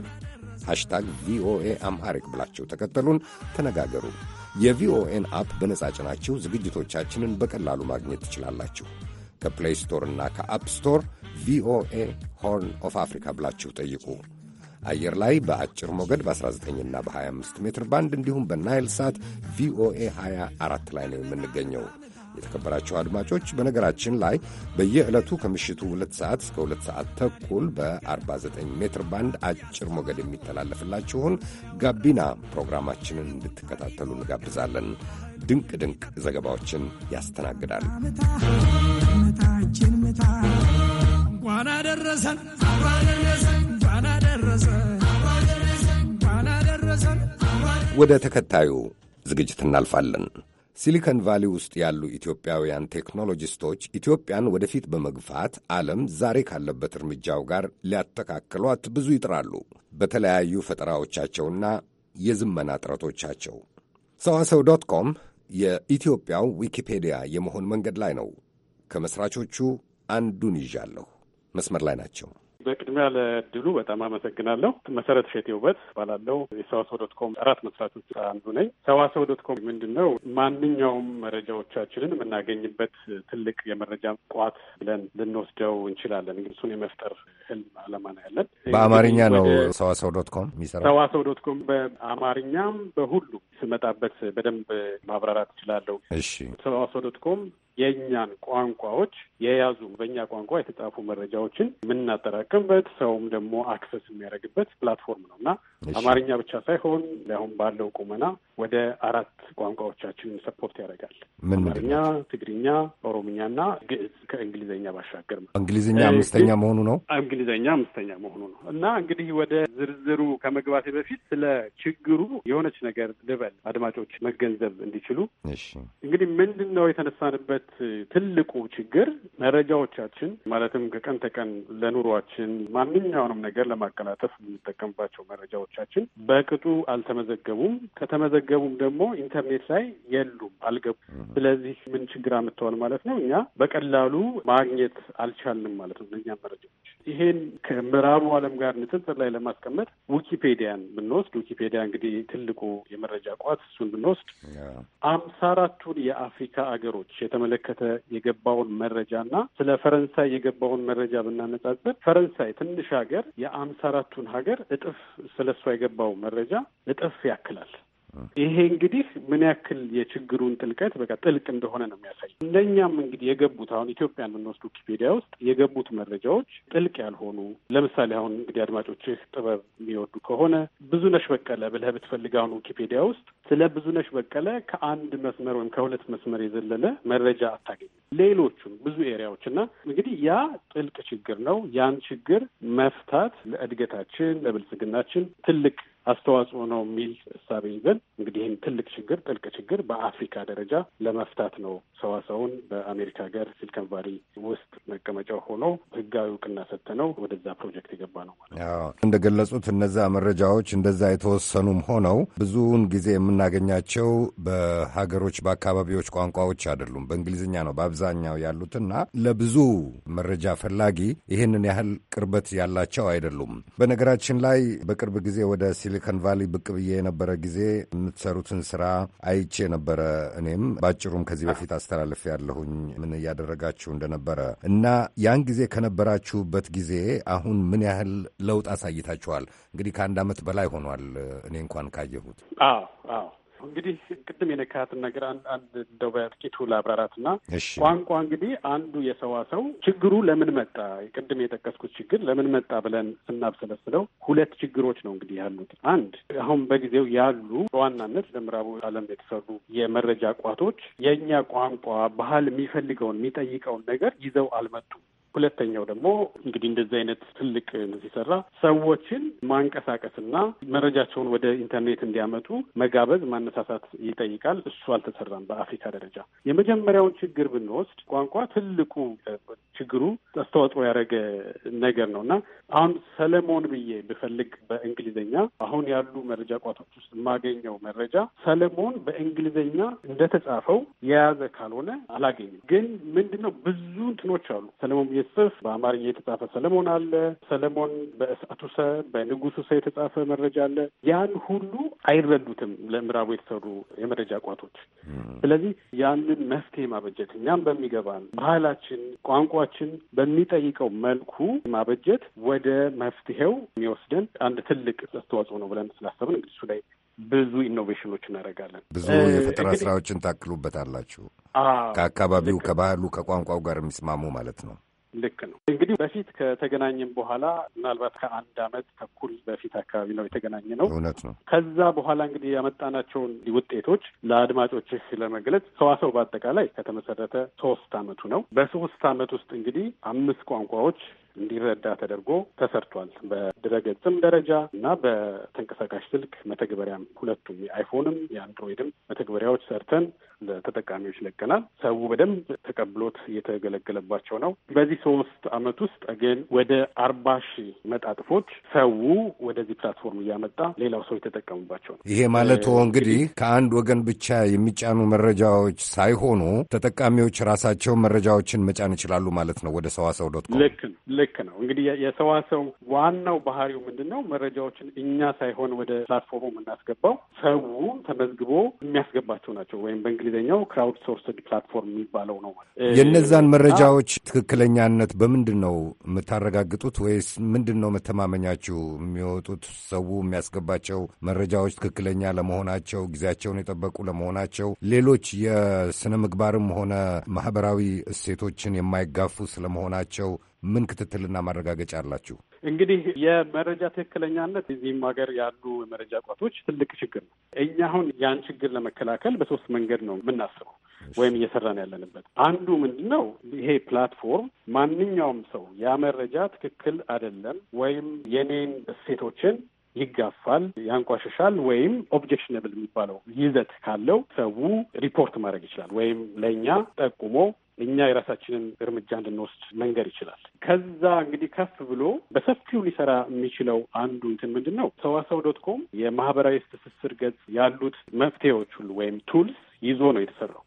ሃሽታግ ቪኦኤ አምሃሪክ ብላችሁ ተከተሉን፣ ተነጋገሩ። የቪኦኤን አፕ በነጻ ጭናችሁ ዝግጅቶቻችንን በቀላሉ ማግኘት ትችላላችሁ። ከፕሌይ ስቶርና እና ከአፕ ስቶር ቪኦኤ ሆርን ኦፍ አፍሪካ ብላችሁ ጠይቁ። አየር ላይ በአጭር ሞገድ በ19ና በ25 ሜትር ባንድ እንዲሁም በናይል ሳት ቪኦኤ 24 ላይ ነው የምንገኘው። የተከበራቸው አድማጮች በነገራችን ላይ በየዕለቱ ከምሽቱ 2 ሰዓት እስከ 2 ሰዓት ተኩል በ49 ሜትር ባንድ አጭር ሞገድ የሚተላለፍላችሁን ጋቢና ፕሮግራማችንን እንድትከታተሉ እንጋብዛለን። ድንቅ ድንቅ ዘገባዎችን ያስተናግዳል። ምታችን ምታ እንኳን አደረሰን ወደ ተከታዩ ዝግጅት እናልፋለን። ሲሊከን ቫሊ ውስጥ ያሉ ኢትዮጵያውያን ቴክኖሎጂስቶች ኢትዮጵያን ወደፊት በመግፋት ዓለም ዛሬ ካለበት እርምጃው ጋር ሊያተካክሏት ብዙ ይጥራሉ በተለያዩ ፈጠራዎቻቸውና የዝመና ጥረቶቻቸው። ሰዋሰው ዶት ኮም የኢትዮጵያው ዊኪፔዲያ የመሆን መንገድ ላይ ነው። ከመሥራቾቹ አንዱን ይዣለሁ። መስመር ላይ ናቸው። በቅድሚያ ለድሉ በጣም አመሰግናለሁ። መሰረት ሼቴ ውበት እባላለሁ። የሰዋሰው ዶት ኮም አራት መስራቾች አንዱ ነኝ። ሰዋሰው ዶት ኮም ምንድን ነው? ማንኛውም መረጃዎቻችንን የምናገኝበት ትልቅ የመረጃ ቋት ብለን ልንወስደው እንችላለን። እሱን የመፍጠር ህልም አላማ ነው ያለን። በአማርኛ ነው ሰዋሰው ዶት ኮም የሚሰራው። ሰዋሰው ዶት ኮም በአማርኛም በሁሉ ስመጣበት በደንብ ማብራራት እችላለሁ። እሺ ሰዋሰው ዶት ኮም የእኛን ቋንቋዎች የያዙ በእኛ ቋንቋ የተጻፉ መረጃዎችን የምናጠራቅምበት ሰውም ደግሞ አክሰስ የሚያደርግበት ፕላትፎርም ነው እና አማርኛ ብቻ ሳይሆን አሁን ባለው ቁመና ወደ አራት ቋንቋዎቻችንን ሰፖርት ያደርጋል። አማርኛ፣ ትግርኛ፣ ኦሮምኛና ግዕዝ ከእንግሊዝኛ ባሻገር እንግሊዝኛ አምስተኛ መሆኑ ነው። እንግሊዝኛ አምስተኛ መሆኑ ነው እና እንግዲህ ወደ ዝርዝሩ ከመግባቴ በፊት ስለ ችግሩ የሆነች ነገር ልበል፣ አድማጮች መገንዘብ እንዲችሉ። እንግዲህ ምንድን ነው የተነሳንበት ያለበት ትልቁ ችግር መረጃዎቻችን ማለትም ከቀን ተቀን ለኑሯችን ማንኛውንም ነገር ለማቀላጠፍ የምንጠቀምባቸው መረጃዎቻችን በቅጡ አልተመዘገቡም። ከተመዘገቡም ደግሞ ኢንተርኔት ላይ የሉም፣ አልገቡም። ስለዚህ ምን ችግር አምጥተዋል ማለት ነው? እኛ በቀላሉ ማግኘት አልቻልንም ማለት ነው እነኛ መረጃዎች። ይሄን ከምዕራቡ ዓለም ጋር ንጽጽር ላይ ለማስቀመጥ ዊኪፔዲያን ብንወስድ፣ ዊኪፔዲያ እንግዲህ ትልቁ የመረጃ ቋት እሱን ብንወስድ አምሳ አራቱን የአፍሪካ አገሮች የተመለ በተመለከተ የገባውን መረጃና ስለ ፈረንሳይ የገባውን መረጃ ብናነጻጽር ፈረንሳይ ትንሽ ሀገር የአምሳ አራቱን ሀገር እጥፍ ስለሷ የገባው መረጃ እጥፍ ያክላል። ይሄ እንግዲህ ምን ያክል የችግሩን ጥልቀት በቃ ጥልቅ እንደሆነ ነው የሚያሳይ። እንደኛም እንግዲህ የገቡት አሁን ኢትዮጵያን የምንወስድ ዊኪፔዲያ ውስጥ የገቡት መረጃዎች ጥልቅ ያልሆኑ ለምሳሌ አሁን እንግዲህ አድማጮችህ ጥበብ የሚወዱ ከሆነ ብዙነሽ በቀለ ብለህ ብትፈልግ አሁን ዊኪፔዲያ ውስጥ ስለ ብዙነሽ በቀለ ከአንድ መስመር ወይም ከሁለት መስመር የዘለለ መረጃ አታገኝም። ሌሎቹም ብዙ ኤሪያዎች እና እንግዲህ ያ ጥልቅ ችግር ነው። ያን ችግር መፍታት ለእድገታችን ለብልጽግናችን ትልቅ አስተዋጽኦ ነው የሚል እሳቤ ይዘን እንግዲህ ይህን ትልቅ ችግር ጥልቅ ችግር በአፍሪካ ደረጃ ለመፍታት ነው ሰዋሰውን በአሜሪካ ሀገር ሲሊከን ቫሊ ውስጥ መቀመጫው ሆኖ ህጋዊ እውቅና ሰጥተነው ወደዛ ፕሮጀክት የገባ ነው ማለት እንደገለጹት እነዛ መረጃዎች እንደዛ የተወሰኑም ሆነው ብዙውን ጊዜ የምናገኛቸው በሀገሮች በአካባቢዎች ቋንቋዎች አይደሉም፣ በእንግሊዝኛ ነው በአብዛኛው ያሉትና ለብዙ መረጃ ፈላጊ ይህንን ያህል ቅርበት ያላቸው አይደሉም። በነገራችን ላይ በቅርብ ጊዜ ወደ ሲሊ ሲሊከን ቫሊ ብቅ ብዬ የነበረ ጊዜ የምትሰሩትን ስራ አይቼ ነበረ። እኔም ባጭሩም ከዚህ በፊት አስተላልፍ ያለሁኝ ምን እያደረጋችሁ እንደነበረ እና ያን ጊዜ ከነበራችሁበት ጊዜ አሁን ምን ያህል ለውጥ አሳይታችኋል? እንግዲህ ከአንድ ዓመት በላይ ሆኗል እኔ እንኳን ካየሁት። አዎ አዎ እንግዲህ ቅድም የነካትን ነገር አንድ እንደው በጥቂቱ ለአብራራትና ቋንቋ እንግዲህ አንዱ የሰዋ ሰው ችግሩ ለምን መጣ ቅድም የጠቀስኩት ችግር ለምን መጣ ብለን ስናብሰለስለው ሁለት ችግሮች ነው እንግዲህ ያሉት። አንድ አሁን በጊዜው ያሉ በዋናነት ለምዕራቡ ዓለም የተሰሩ የመረጃ ቋቶች የእኛ ቋንቋ ባህል የሚፈልገውን የሚጠይቀውን ነገር ይዘው አልመጡም። ሁለተኛው ደግሞ እንግዲህ እንደዚህ አይነት ትልቅ ሲሰራ ሰዎችን ማንቀሳቀስና መረጃቸውን ወደ ኢንተርኔት እንዲያመጡ መጋበዝ፣ ማነሳሳት ይጠይቃል። እሱ አልተሰራም በአፍሪካ ደረጃ። የመጀመሪያውን ችግር ብንወስድ ቋንቋ ትልቁ ችግሩ አስተዋጽኦ ያደረገ ነገር ነው እና አሁን ሰለሞን ብዬ ብፈልግ በእንግሊዝኛ አሁን ያሉ መረጃ ቋቶች ውስጥ የማገኘው መረጃ ሰለሞን በእንግሊዝኛ እንደተጻፈው የያዘ ካልሆነ አላገኝም። ግን ምንድን ነው ብዙ እንትኖች አሉ ሰለሞን ሲጽፍ በአማርኛ የተጻፈ ሰለሞን አለ። ሰለሞን በእሳቱሰ በንጉሱሰ የተጻፈ መረጃ አለ። ያን ሁሉ አይረዱትም ለምዕራቡ የተሰሩ የመረጃ ቋቶች። ስለዚህ ያንን መፍትሄ ማበጀት እኛም በሚገባን ባህላችን፣ ቋንቋችን በሚጠይቀው መልኩ ማበጀት ወደ መፍትሄው የሚወስደን አንድ ትልቅ አስተዋጽኦ ነው ብለን ስላሰብን እንግዲህ እሱ ላይ ብዙ ኢኖቬሽኖች እናደርጋለን። ብዙ የፈጠራ ስራዎችን ታክሉበታላችሁ። ከአካባቢው ከባህሉ ከቋንቋው ጋር የሚስማሙ ማለት ነው። ልክ ነው። እንግዲህ በፊት ከተገናኘን በኋላ ምናልባት ከአንድ አመት ተኩል በፊት አካባቢ ነው የተገናኘ ነው። እውነት ነው። ከዛ በኋላ እንግዲህ ያመጣናቸውን ውጤቶች ለአድማጮችህ ለመግለጽ ሰዋሰው በአጠቃላይ ከተመሰረተ ሶስት አመቱ ነው። በሶስት አመት ውስጥ እንግዲህ አምስት ቋንቋዎች እንዲረዳ ተደርጎ ተሰርቷል። በድረገጽም ደረጃ እና በተንቀሳቃሽ ስልክ መተግበሪያም ሁለቱም የአይፎንም የአንድሮይድም መተግበሪያዎች ሰርተን ለተጠቃሚዎች ለቀናል። ሰው በደንብ ተቀብሎት እየተገለገለባቸው ነው። በዚህ ሶስት አመት ውስጥ ግን ወደ አርባ ሺህ መጣጥፎች ሰው ወደዚህ ፕላትፎርም እያመጣ ሌላው ሰው የተጠቀሙባቸው ነው። ይሄ ማለት እንግዲህ ከአንድ ወገን ብቻ የሚጫኑ መረጃዎች ሳይሆኑ ተጠቃሚዎች ራሳቸው መረጃዎችን መጫን ይችላሉ ማለት ነው። ወደ ሰዋሰው ዶት ኮም ልክ ነው ልክ ነው። እንግዲህ የሰዋሰው ዋናው ባህሪው ምንድን ነው? መረጃዎችን እኛ ሳይሆን ወደ ፕላትፎርሙ የምናስገባው ሰው ተመዝግቦ የሚያስገባቸው ናቸው ወይም በእንግሊ በእንግሊዝኛው ክራውድ ሶርስድ ፕላትፎርም የሚባለው ነው። የእነዛን መረጃዎች ትክክለኛነት በምንድን ነው የምታረጋግጡት? ወይስ ምንድን ነው መተማመኛችሁ? የሚወጡት ሰው የሚያስገባቸው መረጃዎች ትክክለኛ ለመሆናቸው፣ ጊዜያቸውን የጠበቁ ለመሆናቸው፣ ሌሎች የስነ ምግባርም ሆነ ማህበራዊ እሴቶችን የማይጋፉ ስለመሆናቸው ምን ክትትልና ማረጋገጫ አላችሁ? እንግዲህ የመረጃ ትክክለኛነት እዚህም ሀገር ያሉ የመረጃ ቋቶች ትልቅ ችግር ነው። እኛ አሁን ያን ችግር ለመከላከል በሶስት መንገድ ነው የምናስበው ወይም እየሰራን ያለንበት አንዱ ምንድን ነው? ይሄ ፕላትፎርም ማንኛውም ሰው ያ መረጃ ትክክል አይደለም ወይም የኔን እሴቶችን ይጋፋል፣ ያንቋሸሻል ወይም ኦብጀክሽነብል የሚባለው ይዘት ካለው ሰው ሪፖርት ማድረግ ይችላል ወይም ለእኛ ጠቁሞ እኛ የራሳችንን እርምጃ እንድንወስድ መንገድ ይችላል። ከዛ እንግዲህ ከፍ ብሎ በሰፊው ሊሰራ የሚችለው አንዱ እንትን ምንድን ነው ሰዋሰው ዶት ኮም የማህበራዊ ትስስር ገጽ ያሉት መፍትሄዎች ሁሉ ወይም ቱልስ ይዞ ነው የተሰራው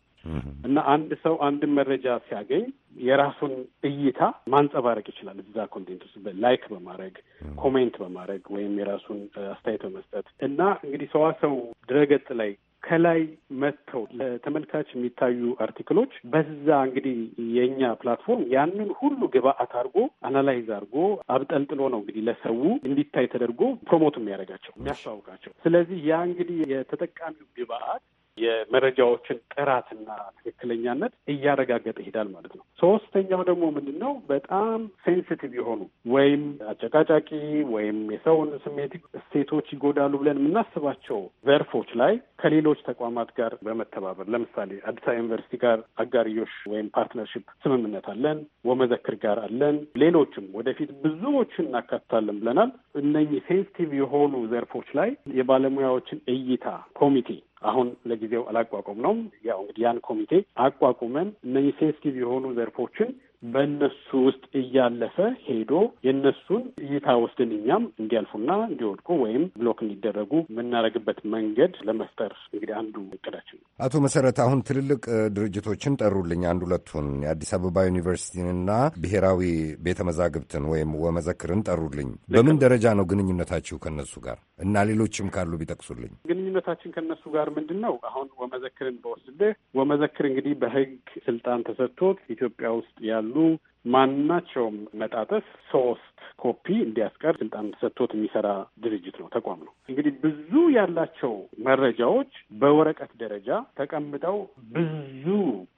እና አንድ ሰው አንድን መረጃ ሲያገኝ የራሱን እይታ ማንጸባረቅ ይችላል። እዛ ኮንቴንት ውስጥ ላይክ በማድረግ ኮሜንት በማድረግ ወይም የራሱን አስተያየት በመስጠት እና እንግዲህ ሰዋሰው ድረገጽ ላይ ከላይ መጥተው ለተመልካች የሚታዩ አርቲክሎች በዛ እንግዲህ የእኛ ፕላትፎርም ያንን ሁሉ ግብአት አድርጎ አናላይዝ አድርጎ አብጠልጥሎ ነው እንግዲህ ለሰው እንዲታይ ተደርጎ ፕሮሞት የሚያደርጋቸው የሚያስተዋውቃቸው። ስለዚህ ያ እንግዲህ የተጠቃሚው ግብአት የመረጃዎችን ጥራትና ትክክለኛነት እያረጋገጠ ይሄዳል ማለት ነው። ሶስተኛው ደግሞ ምንድን ነው? በጣም ሴንስቲቭ የሆኑ ወይም አጨቃጫቂ ወይም የሰውን ስሜት እሴቶች ይጎዳሉ ብለን የምናስባቸው ዘርፎች ላይ ከሌሎች ተቋማት ጋር በመተባበር ለምሳሌ አዲስ አበባ ዩኒቨርሲቲ ጋር አጋርዮሽ ወይም ፓርትነርሽፕ ስምምነት አለን፣ ወመዘክር ጋር አለን። ሌሎችም ወደፊት ብዙዎችን እናካትታለን ብለናል። እነኚህ ሴንሲቲቭ የሆኑ ዘርፎች ላይ የባለሙያዎችን እይታ ኮሚቴ አሁን ለጊዜው አላቋቁም ነው። ያው እንግዲህ ያን ኮሚቴ አቋቁመን እነዚህ ሴንስቲቭ የሆኑ ዘርፎችን በእነሱ ውስጥ እያለፈ ሄዶ የእነሱን እይታ ወስድን እኛም እንዲያልፉና እንዲወድቁ ወይም ብሎክ እንዲደረጉ የምናደርግበት መንገድ ለመፍጠር እንግዲህ አንዱ እቅዳችን ነው። አቶ መሰረት አሁን ትልልቅ ድርጅቶችን ጠሩልኝ፣ አንድ ሁለቱን የአዲስ አበባ ዩኒቨርሲቲንና ብሔራዊ ቤተ መዛግብትን ወይም ወመዘክርን ጠሩልኝ። በምን ደረጃ ነው ግንኙነታችሁ ከነሱ ጋር እና ሌሎችም ካሉ ቢጠቅሱልኝ። ግንኙነታችን ከነሱ ጋር ምንድን ነው? አሁን ወመዘክርን በወስድልህ ወመዘክር እንግዲህ በህግ ስልጣን ተሰጥቶት ኢትዮጵያ ውስጥ ያሉ low ማናቸውም መጣጠፍ ሶስት ኮፒ እንዲያስቀር ስልጣን ሰጥቶት የሚሰራ ድርጅት ነው፣ ተቋም ነው። እንግዲህ ብዙ ያላቸው መረጃዎች በወረቀት ደረጃ ተቀምጠው ብዙ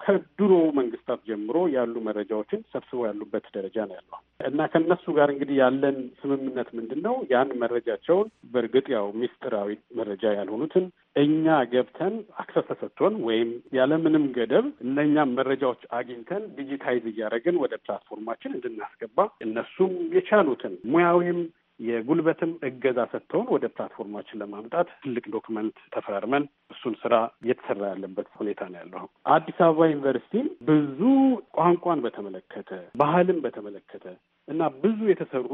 ከድሮ መንግስታት ጀምሮ ያሉ መረጃዎችን ሰብስበው ያሉበት ደረጃ ነው ያለው እና ከነሱ ጋር እንግዲህ ያለን ስምምነት ምንድን ነው? ያን መረጃቸውን በእርግጥ ያው ሚስጥራዊ መረጃ ያልሆኑትን እኛ ገብተን አክሰስ ተሰጥቶን ወይም ያለምንም ገደብ እነኛም መረጃዎች አግኝተን ዲጂታይዝ እያደረግን ወደ ፕላትፎርማችን እንድናስገባ እነሱም የቻሉትን ሙያዊም የጉልበትም እገዛ ሰጥተውን ወደ ፕላትፎርማችን ለማምጣት ትልቅ ዶክመንት ተፈራርመን እሱን ስራ እየተሰራ ያለበት ሁኔታ ነው ያለው። አዲስ አበባ ዩኒቨርሲቲ ብዙ ቋንቋን በተመለከተ ባህልን በተመለከተ እና ብዙ የተሰሩ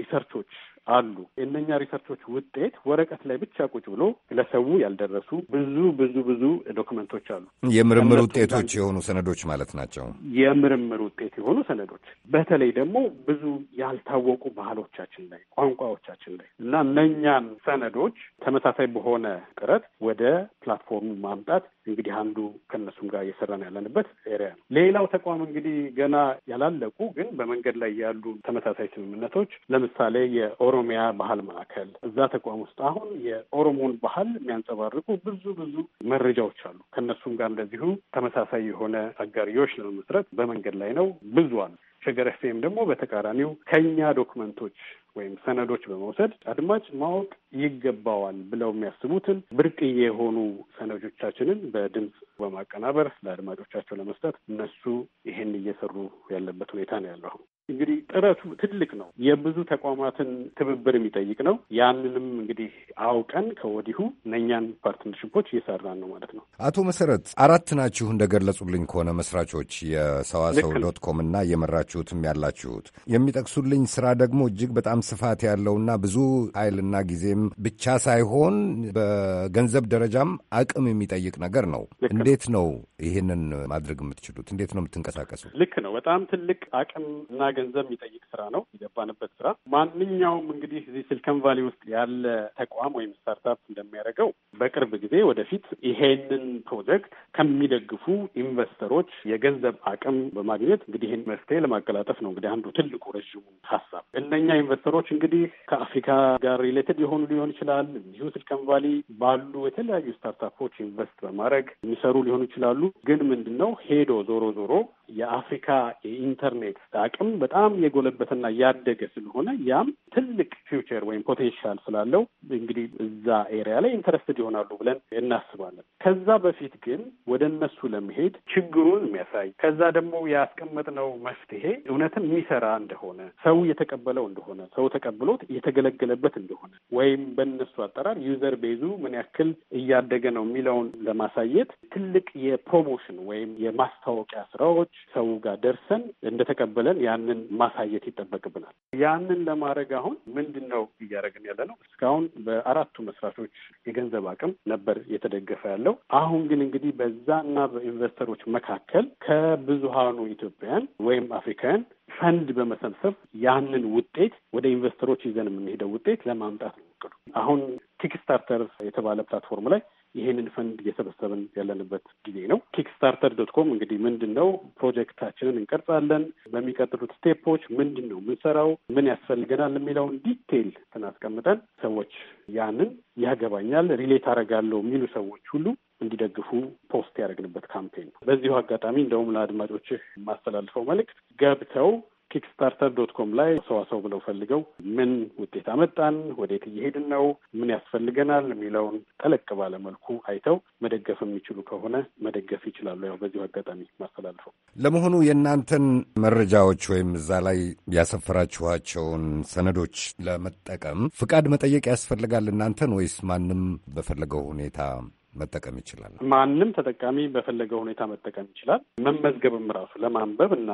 ሪሰርቾች አሉ። የእነኛ ሪሰርቾች ውጤት ወረቀት ላይ ብቻ ቁጭ ብሎ ለሰው ያልደረሱ ብዙ ብዙ ብዙ ዶክመንቶች አሉ። የምርምር ውጤቶች የሆኑ ሰነዶች ማለት ናቸው። የምርምር ውጤት የሆኑ ሰነዶች በተለይ ደግሞ ብዙ ያልታወቁ ባህሎቻችን ላይ፣ ቋንቋዎቻችን ላይ እና እነኛን ሰነዶች ተመሳሳይ በሆነ ጥረት ወደ ፕላትፎርሙ ማምጣት እንግዲህ አንዱ ከእነሱም ጋር እየሰራን ያለንበት ኤሪያ ነው። ሌላው ተቋም እንግዲህ ገና ያላለቁ ግን በመንገድ ላይ ያሉ ተመሳሳይ ስምምነቶች ለምሳሌ የኦሮ የኦሮሚያ ባህል ማዕከል እዛ ተቋም ውስጥ አሁን የኦሮሞን ባህል የሚያንጸባርቁ ብዙ ብዙ መረጃዎች አሉ። ከእነሱም ጋር እንደዚሁ ተመሳሳይ የሆነ አጋሪዎች ለመመስረት በመንገድ ላይ ነው። ብዙ አሉ። ሸገር ኤፍ ኤም ደግሞ በተቃራኒው ከኛ ዶክመንቶች ወይም ሰነዶች በመውሰድ አድማጭ ማወቅ ይገባዋል ብለው የሚያስቡትን ብርቅዬ የሆኑ ሰነዶቻችንን በድምፅ በማቀናበር ለአድማጮቻቸው ለመስጠት እነሱ ይሄን እየሰሩ ያለበት ሁኔታ ነው ያለው። እንግዲህ ጥረቱ ትልቅ ነው። የብዙ ተቋማትን ትብብር የሚጠይቅ ነው። ያንንም እንግዲህ አውቀን ከወዲሁ እነኛን ፓርትነርሽፖች እየሰራን ነው ማለት ነው። አቶ መሰረት አራት ናችሁ እንደገለጹልኝ ከሆነ መስራቾች የሰዋሰው ዶት ኮም እና እየመራችሁትም ያላችሁት የሚጠቅሱልኝ ስራ ደግሞ እጅግ በጣም ስፋት ያለውና ብዙ ኃይልና ጊዜም ብቻ ሳይሆን በገንዘብ ደረጃም አቅም የሚጠይቅ ነገር ነው። እንዴት ነው ይህንን ማድረግ የምትችሉት? እንዴት ነው የምትንቀሳቀሱ? ልክ ነው። በጣም ትልቅ አቅም እና ገንዘብ የሚጠይቅ ስራ ነው የገባንበት ስራ። ማንኛውም እንግዲህ እዚህ ሲሊከን ቫሊ ውስጥ ያለ ተቋም ወይም ስታርታፕ እንደሚያደርገው በቅርብ ጊዜ ወደፊት ይሄንን ፕሮጀክት ከሚደግፉ ኢንቨስተሮች የገንዘብ አቅም በማግኘት እንግዲህ ይህን መፍትሄ ለማቀላጠፍ ነው እንግዲህ አንዱ ትልቁ ረዥሙ ሀሳብ። እነኛ ኢንቨስተሮች እንግዲህ ከአፍሪካ ጋር ሪሌትድ የሆኑ ሊሆን ይችላል። እዚሁ ሲሊከን ቫሊ ባሉ የተለያዩ ስታርታፖች ኢንቨስት በማድረግ የሚሰሩ ሊሆኑ ይችላሉ። ግን ምንድን ነው ሄዶ ዞሮ ዞሮ የአፍሪካ የኢንተርኔት አቅም በጣም የጎለበተና ያደገ ስለሆነ ያም ትልቅ ፊውቸር ወይም ፖቴንሻል ስላለው እንግዲህ እዛ ኤሪያ ላይ ኢንተረስትድ ይሆናሉ ብለን እናስባለን። ከዛ በፊት ግን ወደ እነሱ ለመሄድ ችግሩን የሚያሳይ ከዛ ደግሞ ያስቀመጥነው መፍትሄ እውነትም የሚሰራ እንደሆነ ሰው የተቀበለው እንደሆነ ሰው ተቀብሎት የተገለገለበት እንደሆነ ወይም በእነሱ አጠራር ዩዘር ቤዙ ምን ያክል እያደገ ነው የሚለውን ለማሳየት ትልቅ የፕሮሞሽን ወይም የማስታወቂያ ስራዎች ሰው ጋር ደርሰን እንደተቀበለን ያንን ያንን ማሳየት ይጠበቅብናል። ያንን ለማድረግ አሁን ምንድን ነው እያደረግን ያለ ነው? እስካሁን በአራቱ መስራቾች የገንዘብ አቅም ነበር የተደገፈ ያለው። አሁን ግን እንግዲህ በዛና በኢንቨስተሮች መካከል ከብዙሃኑ ኢትዮጵያውያን ወይም አፍሪካውያን ፈንድ በመሰብሰብ ያንን ውጤት ወደ ኢንቨስተሮች ይዘን የምንሄደው ውጤት ለማምጣት ነው እቅዱ። አሁን ኪክስታርተር የተባለ ፕላትፎርም ላይ ይሄንን ፈንድ እየሰበሰብን ያለንበት ጊዜ ነው። ኪክስታርተር ዶት ኮም እንግዲህ ምንድን ነው ፕሮጀክታችንን እንቀርጻለን። በሚቀጥሉት ስቴፖች ምንድን ነው ምንሰራው፣ ምን ያስፈልገናል የሚለውን ዲቴይል ስናስቀምጠን ሰዎች ያንን ያገባኛል፣ ሪሌት አደርጋለሁ የሚሉ ሰዎች ሁሉ እንዲደግፉ ፖስት ያደረግንበት ካምፔን ነው። በዚሁ አጋጣሚ እንደውም ለአድማጮችህ የማስተላልፈው መልእክት ገብተው ኪክስታርተር ዶት ኮም ላይ ሰዋሰው ብለው ፈልገው ምን ውጤት አመጣን፣ ወዴት እየሄድን ነው፣ ምን ያስፈልገናል የሚለውን ጠለቅ ባለ መልኩ አይተው መደገፍ የሚችሉ ከሆነ መደገፍ ይችላሉ። ያው በዚሁ አጋጣሚ ማስተላልፈው ለመሆኑ የእናንተን መረጃዎች ወይም እዛ ላይ ያሰፈራችኋቸውን ሰነዶች ለመጠቀም ፍቃድ መጠየቅ ያስፈልጋል እናንተን ወይስ ማንም በፈለገው ሁኔታ መጠቀም ይችላል። ማንም ተጠቃሚ በፈለገው ሁኔታ መጠቀም ይችላል። መመዝገብም ራሱ ለማንበብ እና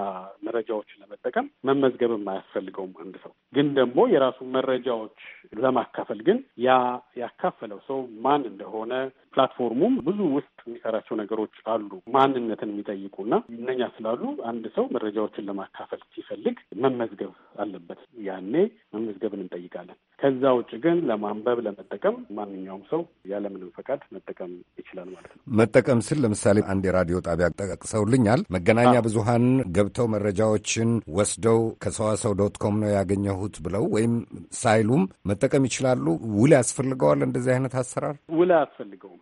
መረጃዎችን ለመጠቀም መመዝገብም አያስፈልገውም። አንድ ሰው ግን ደግሞ የራሱ መረጃዎች ለማካፈል ግን ያ ያካፈለው ሰው ማን እንደሆነ ፕላትፎርሙም ብዙ ውስጥ የሚሰራቸው ነገሮች አሉ ማንነትን የሚጠይቁና እነኛ ስላሉ አንድ ሰው መረጃዎችን ለማካፈል ሲፈልግ መመዝገብ አለበት። ያኔ መመዝገብን እንጠይቃለን። ከዛ ውጭ ግን ለማንበብ ለመጠቀም ማንኛውም ሰው ያለምንም ፈቃድ መጠቀም ይችላል ማለት ነው። መጠቀም ስል ለምሳሌ አንድ የራዲዮ ጣቢያ ጠቅሰውልኛል። መገናኛ ብዙሃን ገብተው መረጃዎችን ወስደው ከሰዋሰው ዶት ኮም ነው ያገኘሁት ብለው ወይም ሳይሉም መጠቀም ይችላሉ። ውል ያስፈልገዋል። እንደዚህ አይነት አሰራር ውል አያስፈልገውም።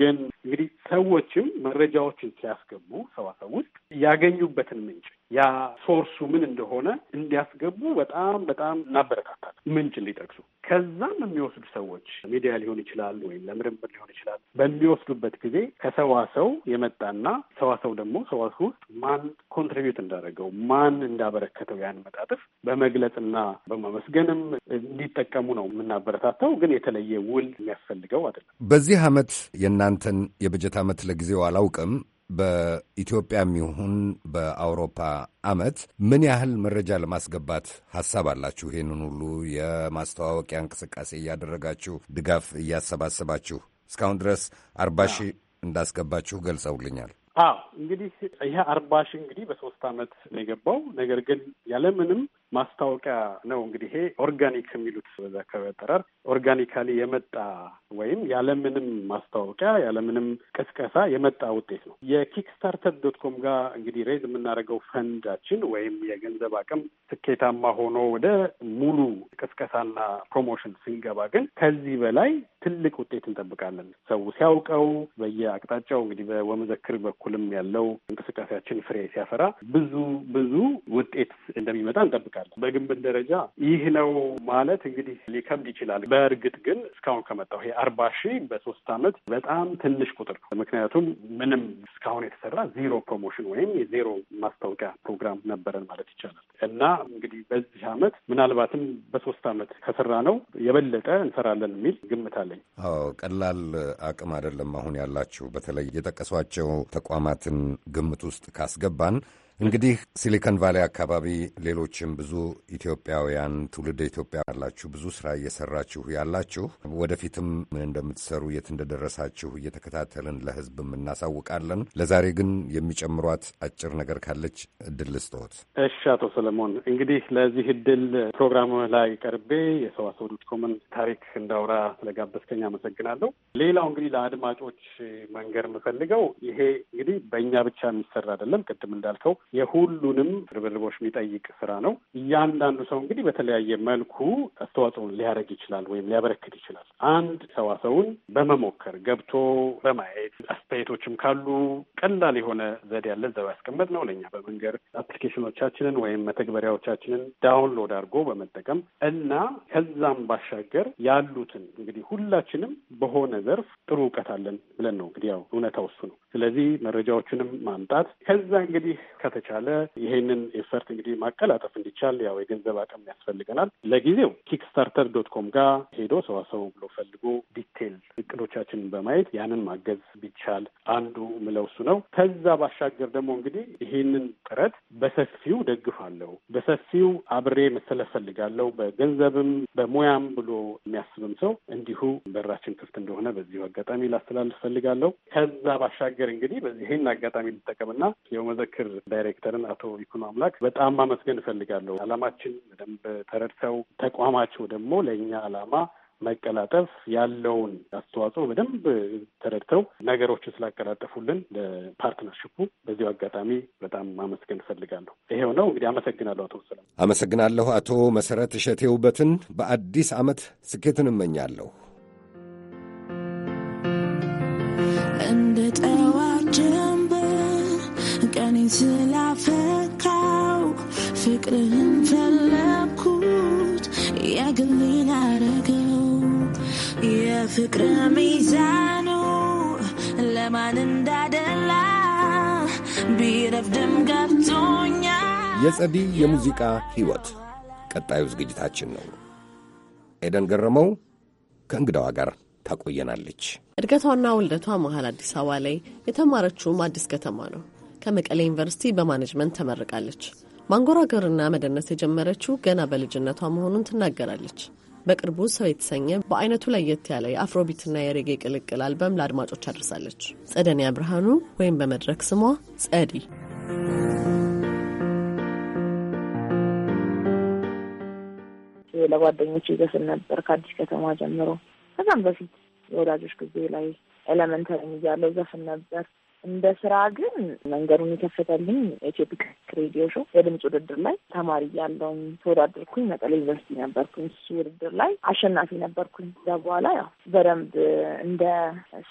ግን እንግዲህ ሰዎችም መረጃዎችን ሲያስገቡ ሰዋሰው ውስጥ ያገኙበትን ምንጭ ያ ሶርሱ ምን እንደሆነ እንዲያስገቡ በጣም በጣም እናበረታታል። ምንጭ እንዲጠቅሱ ከዛም የሚወስዱ ሰዎች ሚዲያ ሊሆን ይችላል ወይም ለምርምር ሊሆን ይችላል። በሚወስዱበት ጊዜ ከሰዋሰው የመጣና ሰዋሰው ደግሞ ሰዋሰው ውስጥ ማን ኮንትሪቢዩት እንዳደረገው ማን እንዳበረከተው ያን መጣጥፍ በመግለጽና በማመስገንም እንዲጠቀሙ ነው የምናበረታታው። ግን የተለየ ውል የሚያስፈልገው አይደለም። በዚህ አመት የና የእናንተን የበጀት ዓመት ለጊዜው አላውቅም። በኢትዮጵያም ይሁን በአውሮፓ ዓመት ምን ያህል መረጃ ለማስገባት ሀሳብ አላችሁ? ይህንን ሁሉ የማስተዋወቂያ እንቅስቃሴ እያደረጋችሁ ድጋፍ እያሰባሰባችሁ እስካሁን ድረስ አርባ ሺህ እንዳስገባችሁ ገልጸውልኛል። አዎ እንግዲህ ይህ አርባ ሺህ እንግዲህ በሶስት ዓመት ነው የገባው። ነገር ግን ያለምንም ማስታወቂያ ነው። እንግዲህ ይሄ ኦርጋኒክ የሚሉት በዛ አካባቢ አጠራር ኦርጋኒካሊ የመጣ ወይም ያለምንም ማስታወቂያ ያለምንም ቀስቀሳ የመጣ ውጤት ነው። የኪክስታርተር ዶት ኮም ጋር እንግዲህ ሬዝ የምናደርገው ፈንዳችን ወይም የገንዘብ አቅም ስኬታማ ሆኖ ወደ ሙሉ ቅስቀሳና ፕሮሞሽን ስንገባ ግን ከዚህ በላይ ትልቅ ውጤት እንጠብቃለን። ሰው ሲያውቀው በየአቅጣጫው እንግዲህ በወመዘክር በኩልም ያለው እንቅስቃሴያችን ፍሬ ሲያፈራ ብዙ ብዙ ውጤት እንደሚመጣ እንጠብቃለን። እናደርጋለን። በግምት ደረጃ ይህ ነው ማለት እንግዲህ ሊከብድ ይችላል። በእርግጥ ግን እስካሁን ከመጣው ይሄ አርባ ሺህ በሶስት አመት በጣም ትንሽ ቁጥር ነው። ምክንያቱም ምንም እስካሁን የተሰራ ዜሮ ፕሮሞሽን ወይም የዜሮ ማስታወቂያ ፕሮግራም ነበረን ማለት ይቻላል እና እንግዲህ በዚህ አመት ምናልባትም በሶስት አመት ከሰራ ነው የበለጠ እንሰራለን የሚል ግምት አለኝ። አዎ ቀላል አቅም አይደለም አሁን ያላችሁ በተለይ የጠቀሷቸው ተቋማትን ግምት ውስጥ ካስገባን እንግዲህ ሲሊከን ቫሌ አካባቢ ሌሎችም ብዙ ኢትዮጵያውያን ትውልድ ኢትዮጵያ ያላችሁ ብዙ ስራ እየሰራችሁ ያላችሁ ወደፊትም እንደምትሰሩ የት እንደደረሳችሁ እየተከታተልን ለህዝብ እናሳውቃለን። ለዛሬ ግን የሚጨምሯት አጭር ነገር ካለች እድል ልስጥዎት። እሺ፣ አቶ ሰለሞን እንግዲህ ለዚህ እድል ፕሮግራም ላይ ቀርቤ የሰዋሰው ኮምን ታሪክ እንዳውራ ስለጋበዝከኝ አመሰግናለሁ። ሌላው እንግዲህ ለአድማጮች መንገር የምፈልገው ይሄ እንግዲህ በእኛ ብቻ የሚሰራ አይደለም። ቅድም እንዳልከው የሁሉንም ርብርቦች የሚጠይቅ ስራ ነው። እያንዳንዱ ሰው እንግዲህ በተለያየ መልኩ አስተዋጽኦን ሊያደርግ ይችላል ወይም ሊያበረክት ይችላል። አንድ ሰዋሰውን በመሞከር ገብቶ በማየት አስተያየቶችም ካሉ ቀላል የሆነ ዘዴ ያለ እዛው ያስቀመጥ ነው ለእኛ በመንገር አፕሊኬሽኖቻችንን ወይም መተግበሪያዎቻችንን ዳውንሎድ አድርጎ በመጠቀም እና ከዛም ባሻገር ያሉትን እንግዲህ ሁላችንም በሆነ ዘርፍ ጥሩ እውቀት አለን ብለን ነው እንግዲህ ያው እውነታ ውሱ ነው። ስለዚህ መረጃዎችንም ማምጣት ከዛ እንግዲህ ከቻለ ይሄንን ኤፈርት እንግዲህ ማቀላጠፍ እንዲቻል ያው የገንዘብ አቅም ያስፈልገናል። ለጊዜው ኪክስታርተር ዶት ኮም ጋር ሄዶ ሰዋሰው ብሎ ፈልጎ ዲቴል እቅዶቻችንን በማየት ያንን ማገዝ ቢቻል አንዱ ምለው እሱ ነው። ከዛ ባሻገር ደግሞ እንግዲህ ይሄንን ጥረት በሰፊው ደግፋለሁ፣ በሰፊው አብሬ መሰለፍ ፈልጋለሁ፣ በገንዘብም በሙያም ብሎ የሚያስብም ሰው እንዲሁ በራችን ክፍት እንደሆነ በዚሁ አጋጣሚ ላስተላልፍ ፈልጋለሁ። ከዛ ባሻገር እንግዲህ በዚህን አጋጣሚ ልጠቀምና የመዘክር ዳይሬ ዳይሬክተርን አቶ ይኩኖ አምላክ በጣም አመስገን እፈልጋለሁ። አላማችን በደንብ ተረድተው ተቋማቸው ደግሞ ለእኛ አላማ መቀላጠፍ ያለውን አስተዋጽኦ በደንብ ተረድተው ነገሮችን ስላቀላጠፉልን ለፓርትነርሽፑ በዚሁ አጋጣሚ በጣም ማመስገን እፈልጋለሁ። ይሄው ነው እንግዲህ። አመሰግናለሁ አቶ ሰላም። አመሰግናለሁ አቶ መሰረት እሸቴ ውበትን። በአዲስ አመት ስኬትን እመኛለሁ። እንደ ጠዋት ስላፈካው ፍቅርህን ፈለኩት የግሌን አረገው የፍቅር ሚዛኑ ለማን እንዳደላ ቢረፍድም ገብቶኛል። የጸዲ የሙዚቃ ሕይወት ቀጣዩ ዝግጅታችን ነው። ኤደን ገረመው ከእንግዳዋ ጋር ታቆየናለች። እድገቷና ውልደቷ መሀል አዲስ አበባ ላይ የተማረችውም አዲስ ከተማ ነው። ከመቀሌ ዩኒቨርሲቲ በማኔጅመንት ተመርቃለች። ማንጎራገርና መደነስ የጀመረችው ገና በልጅነቷ መሆኑን ትናገራለች። በቅርቡ ሰው የተሰኘ በአይነቱ ለየት ያለ የአፍሮቢትና የሬጌ ቅልቅል አልበም ለአድማጮች አድርሳለች። ጸደኒያ ብርሃኑ ወይም በመድረክ ስሟ ጸዲ ለጓደኞች ይዘፍን ነበር ከአዲስ ከተማ ጀምሮ። ከዛም በፊት የወዳጆች ጊዜ ላይ ኤለመንተሪ እያለው ዘፍን ነበር። እንደ ስራ ግን መንገዱን የከፈተልኝ ኢትዮፒክ ሬዲዮ ሾው የድምፅ ውድድር ላይ ተማሪ ያለውን ተወዳደርኩኝ። መቀሌ ዩኒቨርሲቲ ነበርኩኝ። እሱ ውድድር ላይ አሸናፊ ነበርኩኝ። ከዛ በኋላ ያው በደንብ እንደ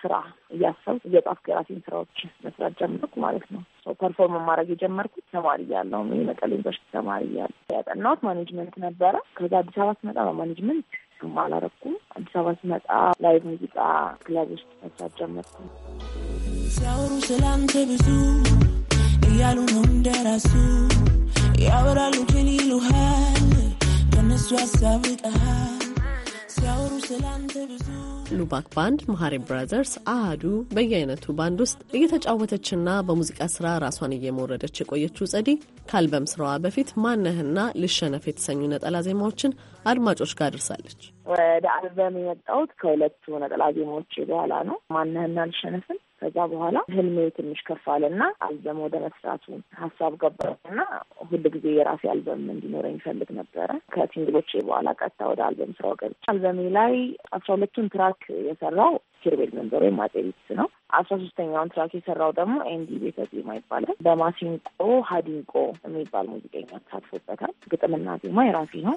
ስራ እያሰብ እየጻፍኩ የራሴን ስራዎች መስራት ጀመርኩ ማለት ነው። ፐርፎርም ማድረግ የጀመርኩት ተማሪ ያለው መቀሌ ዩኒቨርሲቲ ተማሪ ያለ ያጠናሁት ማኔጅመንት ነበረ። ከዛ አዲስ አበባ ስመጣ በማኔጅመንት አላረኩም። አዲስ አበባ ስመጣ ላይ ሙዚቃ ክለብ ውስጥ መስራት ጀመርኩ። ሲያወሩ ስላንተ ብዙ እያሉ ነው እንደራሱ ያወራሉ ግን ይሉሃል ከነሱ ሲያወሩ ስላንተ ብዙ ሉባክ ባንድ፣ መሀሬ ብራዘርስ፣ አህዱ በየአይነቱ ባንድ ውስጥ እየተጫወተችና በሙዚቃ ስራ ራሷን እየመወረደች የቆየችው ጸዲ ከአልበም ስራዋ በፊት ማነህና ልሸነፍ የተሰኙ ነጠላ ዜማዎችን አድማጮች ጋር ደርሳለች። ወደ አልበም የመጣሁት ከሁለቱ ነጠላ ዜማዎች በኋላ ነው። ማነህና ልሸነፍን ከዛ በኋላ ህልሜ ትንሽ ከፍ አለና አልበም ወደ መስራቱ ሀሳብ ገባና ሁሉ ጊዜ የራሴ አልበም እንዲኖረኝ ይፈልግ ነበረ። ከሲንግሎች በኋላ ቀጥታ ወደ አልበም ስራው ገብቼ አልበሜ ላይ አስራ ሁለቱን ትራክ የሰራው ኪርቤል መንበር ወይም አፄ ቤትስ ነው። አስራ ሶስተኛውን ትራክ የሰራው ደግሞ ኤንዲ ቤተዜማ ይባላል። በማሲንቆ ሀዲንቆ የሚባል ሙዚቀኛ ተሳትፎበታል። ግጥምና ዜማ የራሴ ነው።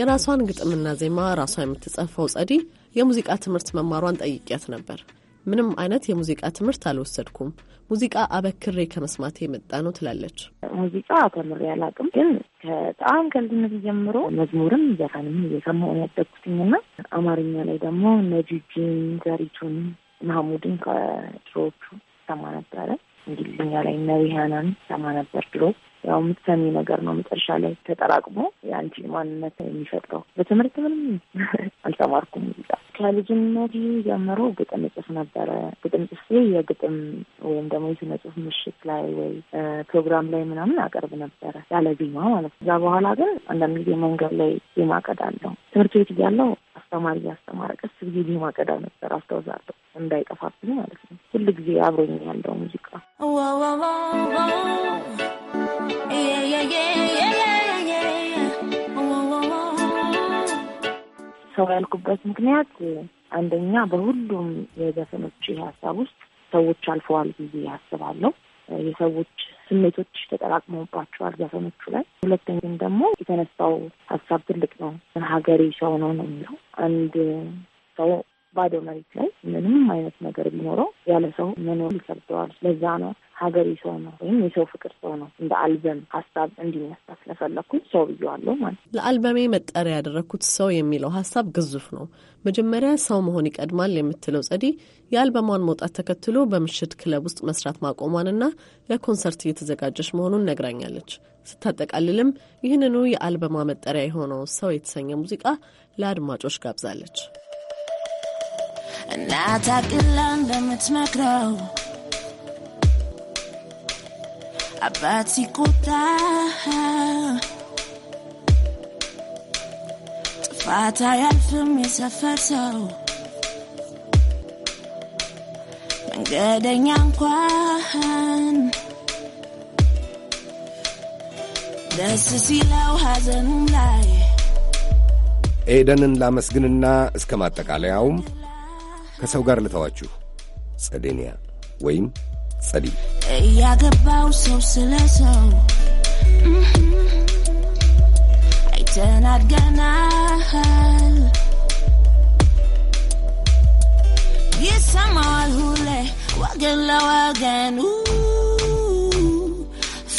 የራሷን ግጥምና ዜማ ራሷ የምትጽፈው ጸዲ የሙዚቃ ትምህርት መማሯን ጠይቂያት ነበር። ምንም አይነት የሙዚቃ ትምህርት አልወሰድኩም፣ ሙዚቃ አበክሬ ከመስማቴ የመጣ ነው ትላለች። ሙዚቃ ተምሬ አላውቅም፣ ግን ከጣም ከልጅነት ጀምሮ መዝሙርም ዘፈንም እየሰማሁ ያደግኩትኝና አማርኛ ላይ ደግሞ እነ ዘሪቱን፣ ማህሙድን ከድሮዎቹ ሰማ ነበረ። እንግሊዝኛ ላይ እነ ሰማ ነበር ድሮ ያው ምትሰሚ ነገር ነው። መጨረሻ ላይ ተጠራቅሞ የአንቺ ማንነት የሚፈጥረው። በትምህርት ምንም አልተማርኩም። ከልጅነት ጀምሮ ግጥም ጽፍ ነበረ። ግጥም ጽፌ የግጥም ወይም ደግሞ የስነ ጽሁፍ ምሽት ላይ ወይ ፕሮግራም ላይ ምናምን አቀርብ ነበረ ያለ ዜማ ማለት ነው። እዛ በኋላ ግን አንዳንድ ጊዜ መንገድ ላይ ዜማ ቀዳለሁ። ትምህርት ቤት እያለሁ አስተማሪ እያስተማረ ቀስ ጊዜ ዜማ ቀዳ ነበር። አስታውሳለሁ እንዳይጠፋብኝ ማለት ነው። ሁል ጊዜ አብሮኝ ያለው ሙዚቃ ሰው ያልኩበት ምክንያት አንደኛ በሁሉም የዘፈኖች ሀሳብ ውስጥ ሰዎች አልፈዋል ብዬ አስባለሁ። የሰዎች ስሜቶች ተጠራቅመባቸዋል ዘፈኖቹ ላይ። ሁለተኛም ደግሞ የተነሳው ሀሳብ ትልቅ ነው። ሀገሬ ሰው ነው ነው የሚለው አንድ ሰው ባዶ መሬት ላይ ምንም አይነት ነገር ቢኖረው ያለ ሰው መኖር ይከብደዋል። ለዛ ነው ሀገሬ ሰው ነው ወይም የሰው ፍቅር ሰው ነው እንደ አልበም ሀሳብ እንዲነሳ ስለፈለግኩኝ ሰው ብዬዋለሁ ማለት ነው። ለአልበሜ መጠሪያ ያደረግኩት ሰው የሚለው ሀሳብ ግዙፍ ነው። መጀመሪያ ሰው መሆን ይቀድማል የምትለው ጸዲ የአልበሟን መውጣት ተከትሎ በምሽት ክለብ ውስጥ መስራት ማቆሟንና ለኮንሰርት እየተዘጋጀች መሆኑን ነግራኛለች። ስታጠቃልልም ይህንኑ የአልበሟ መጠሪያ የሆነው ሰው የተሰኘ ሙዚቃ ለአድማጮች ጋብዛለች። እናት አቅላ እንደምትመክረው አባት ሲቆጣ ጥፋት አያልፍም የሰፈር ሰው መንገደኛ እንኳን ደስ ሲለው ሐዘኑም ላይ ኤደንን ላመስግንና እስከ ማጠቃለያውም ከሰው ጋር ልተዋችሁ። ጸደንያ ወይም ጸዲ እያገባው ሰው ስለ ሰው አይተናድገናል ይሰማዋል ሁሌ ወገን ለወገኑ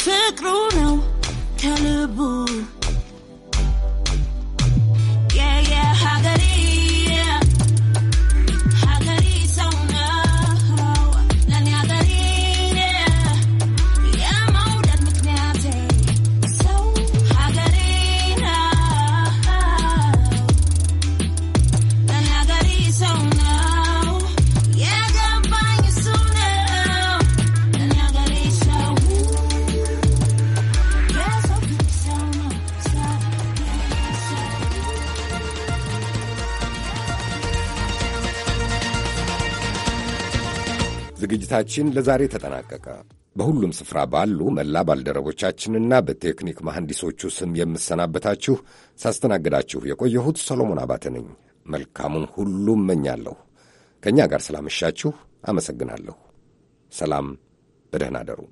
ፍቅሩ ነው ከልቡ ዝግጅታችን ለዛሬ ተጠናቀቀ። በሁሉም ስፍራ ባሉ መላ ባልደረቦቻችንና በቴክኒክ መሐንዲሶቹ ስም የምሰናበታችሁ ሳስተናግዳችሁ የቆየሁት ሰሎሞን አባተ ነኝ። መልካሙን ሁሉ እመኛለሁ። ከእኛ ጋር ስላመሻችሁ አመሰግናለሁ። ሰላም፣ በደህና አደሩ።